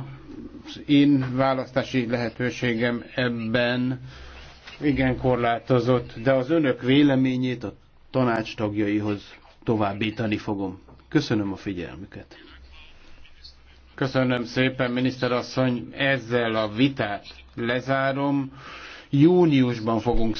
én választási lehetőségem ebben igen korlátozott, de az önök véleményét a tanács tagjaihoz továbbítani fogom. Köszönöm a figyelmüket. Köszönöm szépen, miniszterasszony. Ezzel a vitát lezárom. Júniusban fogunk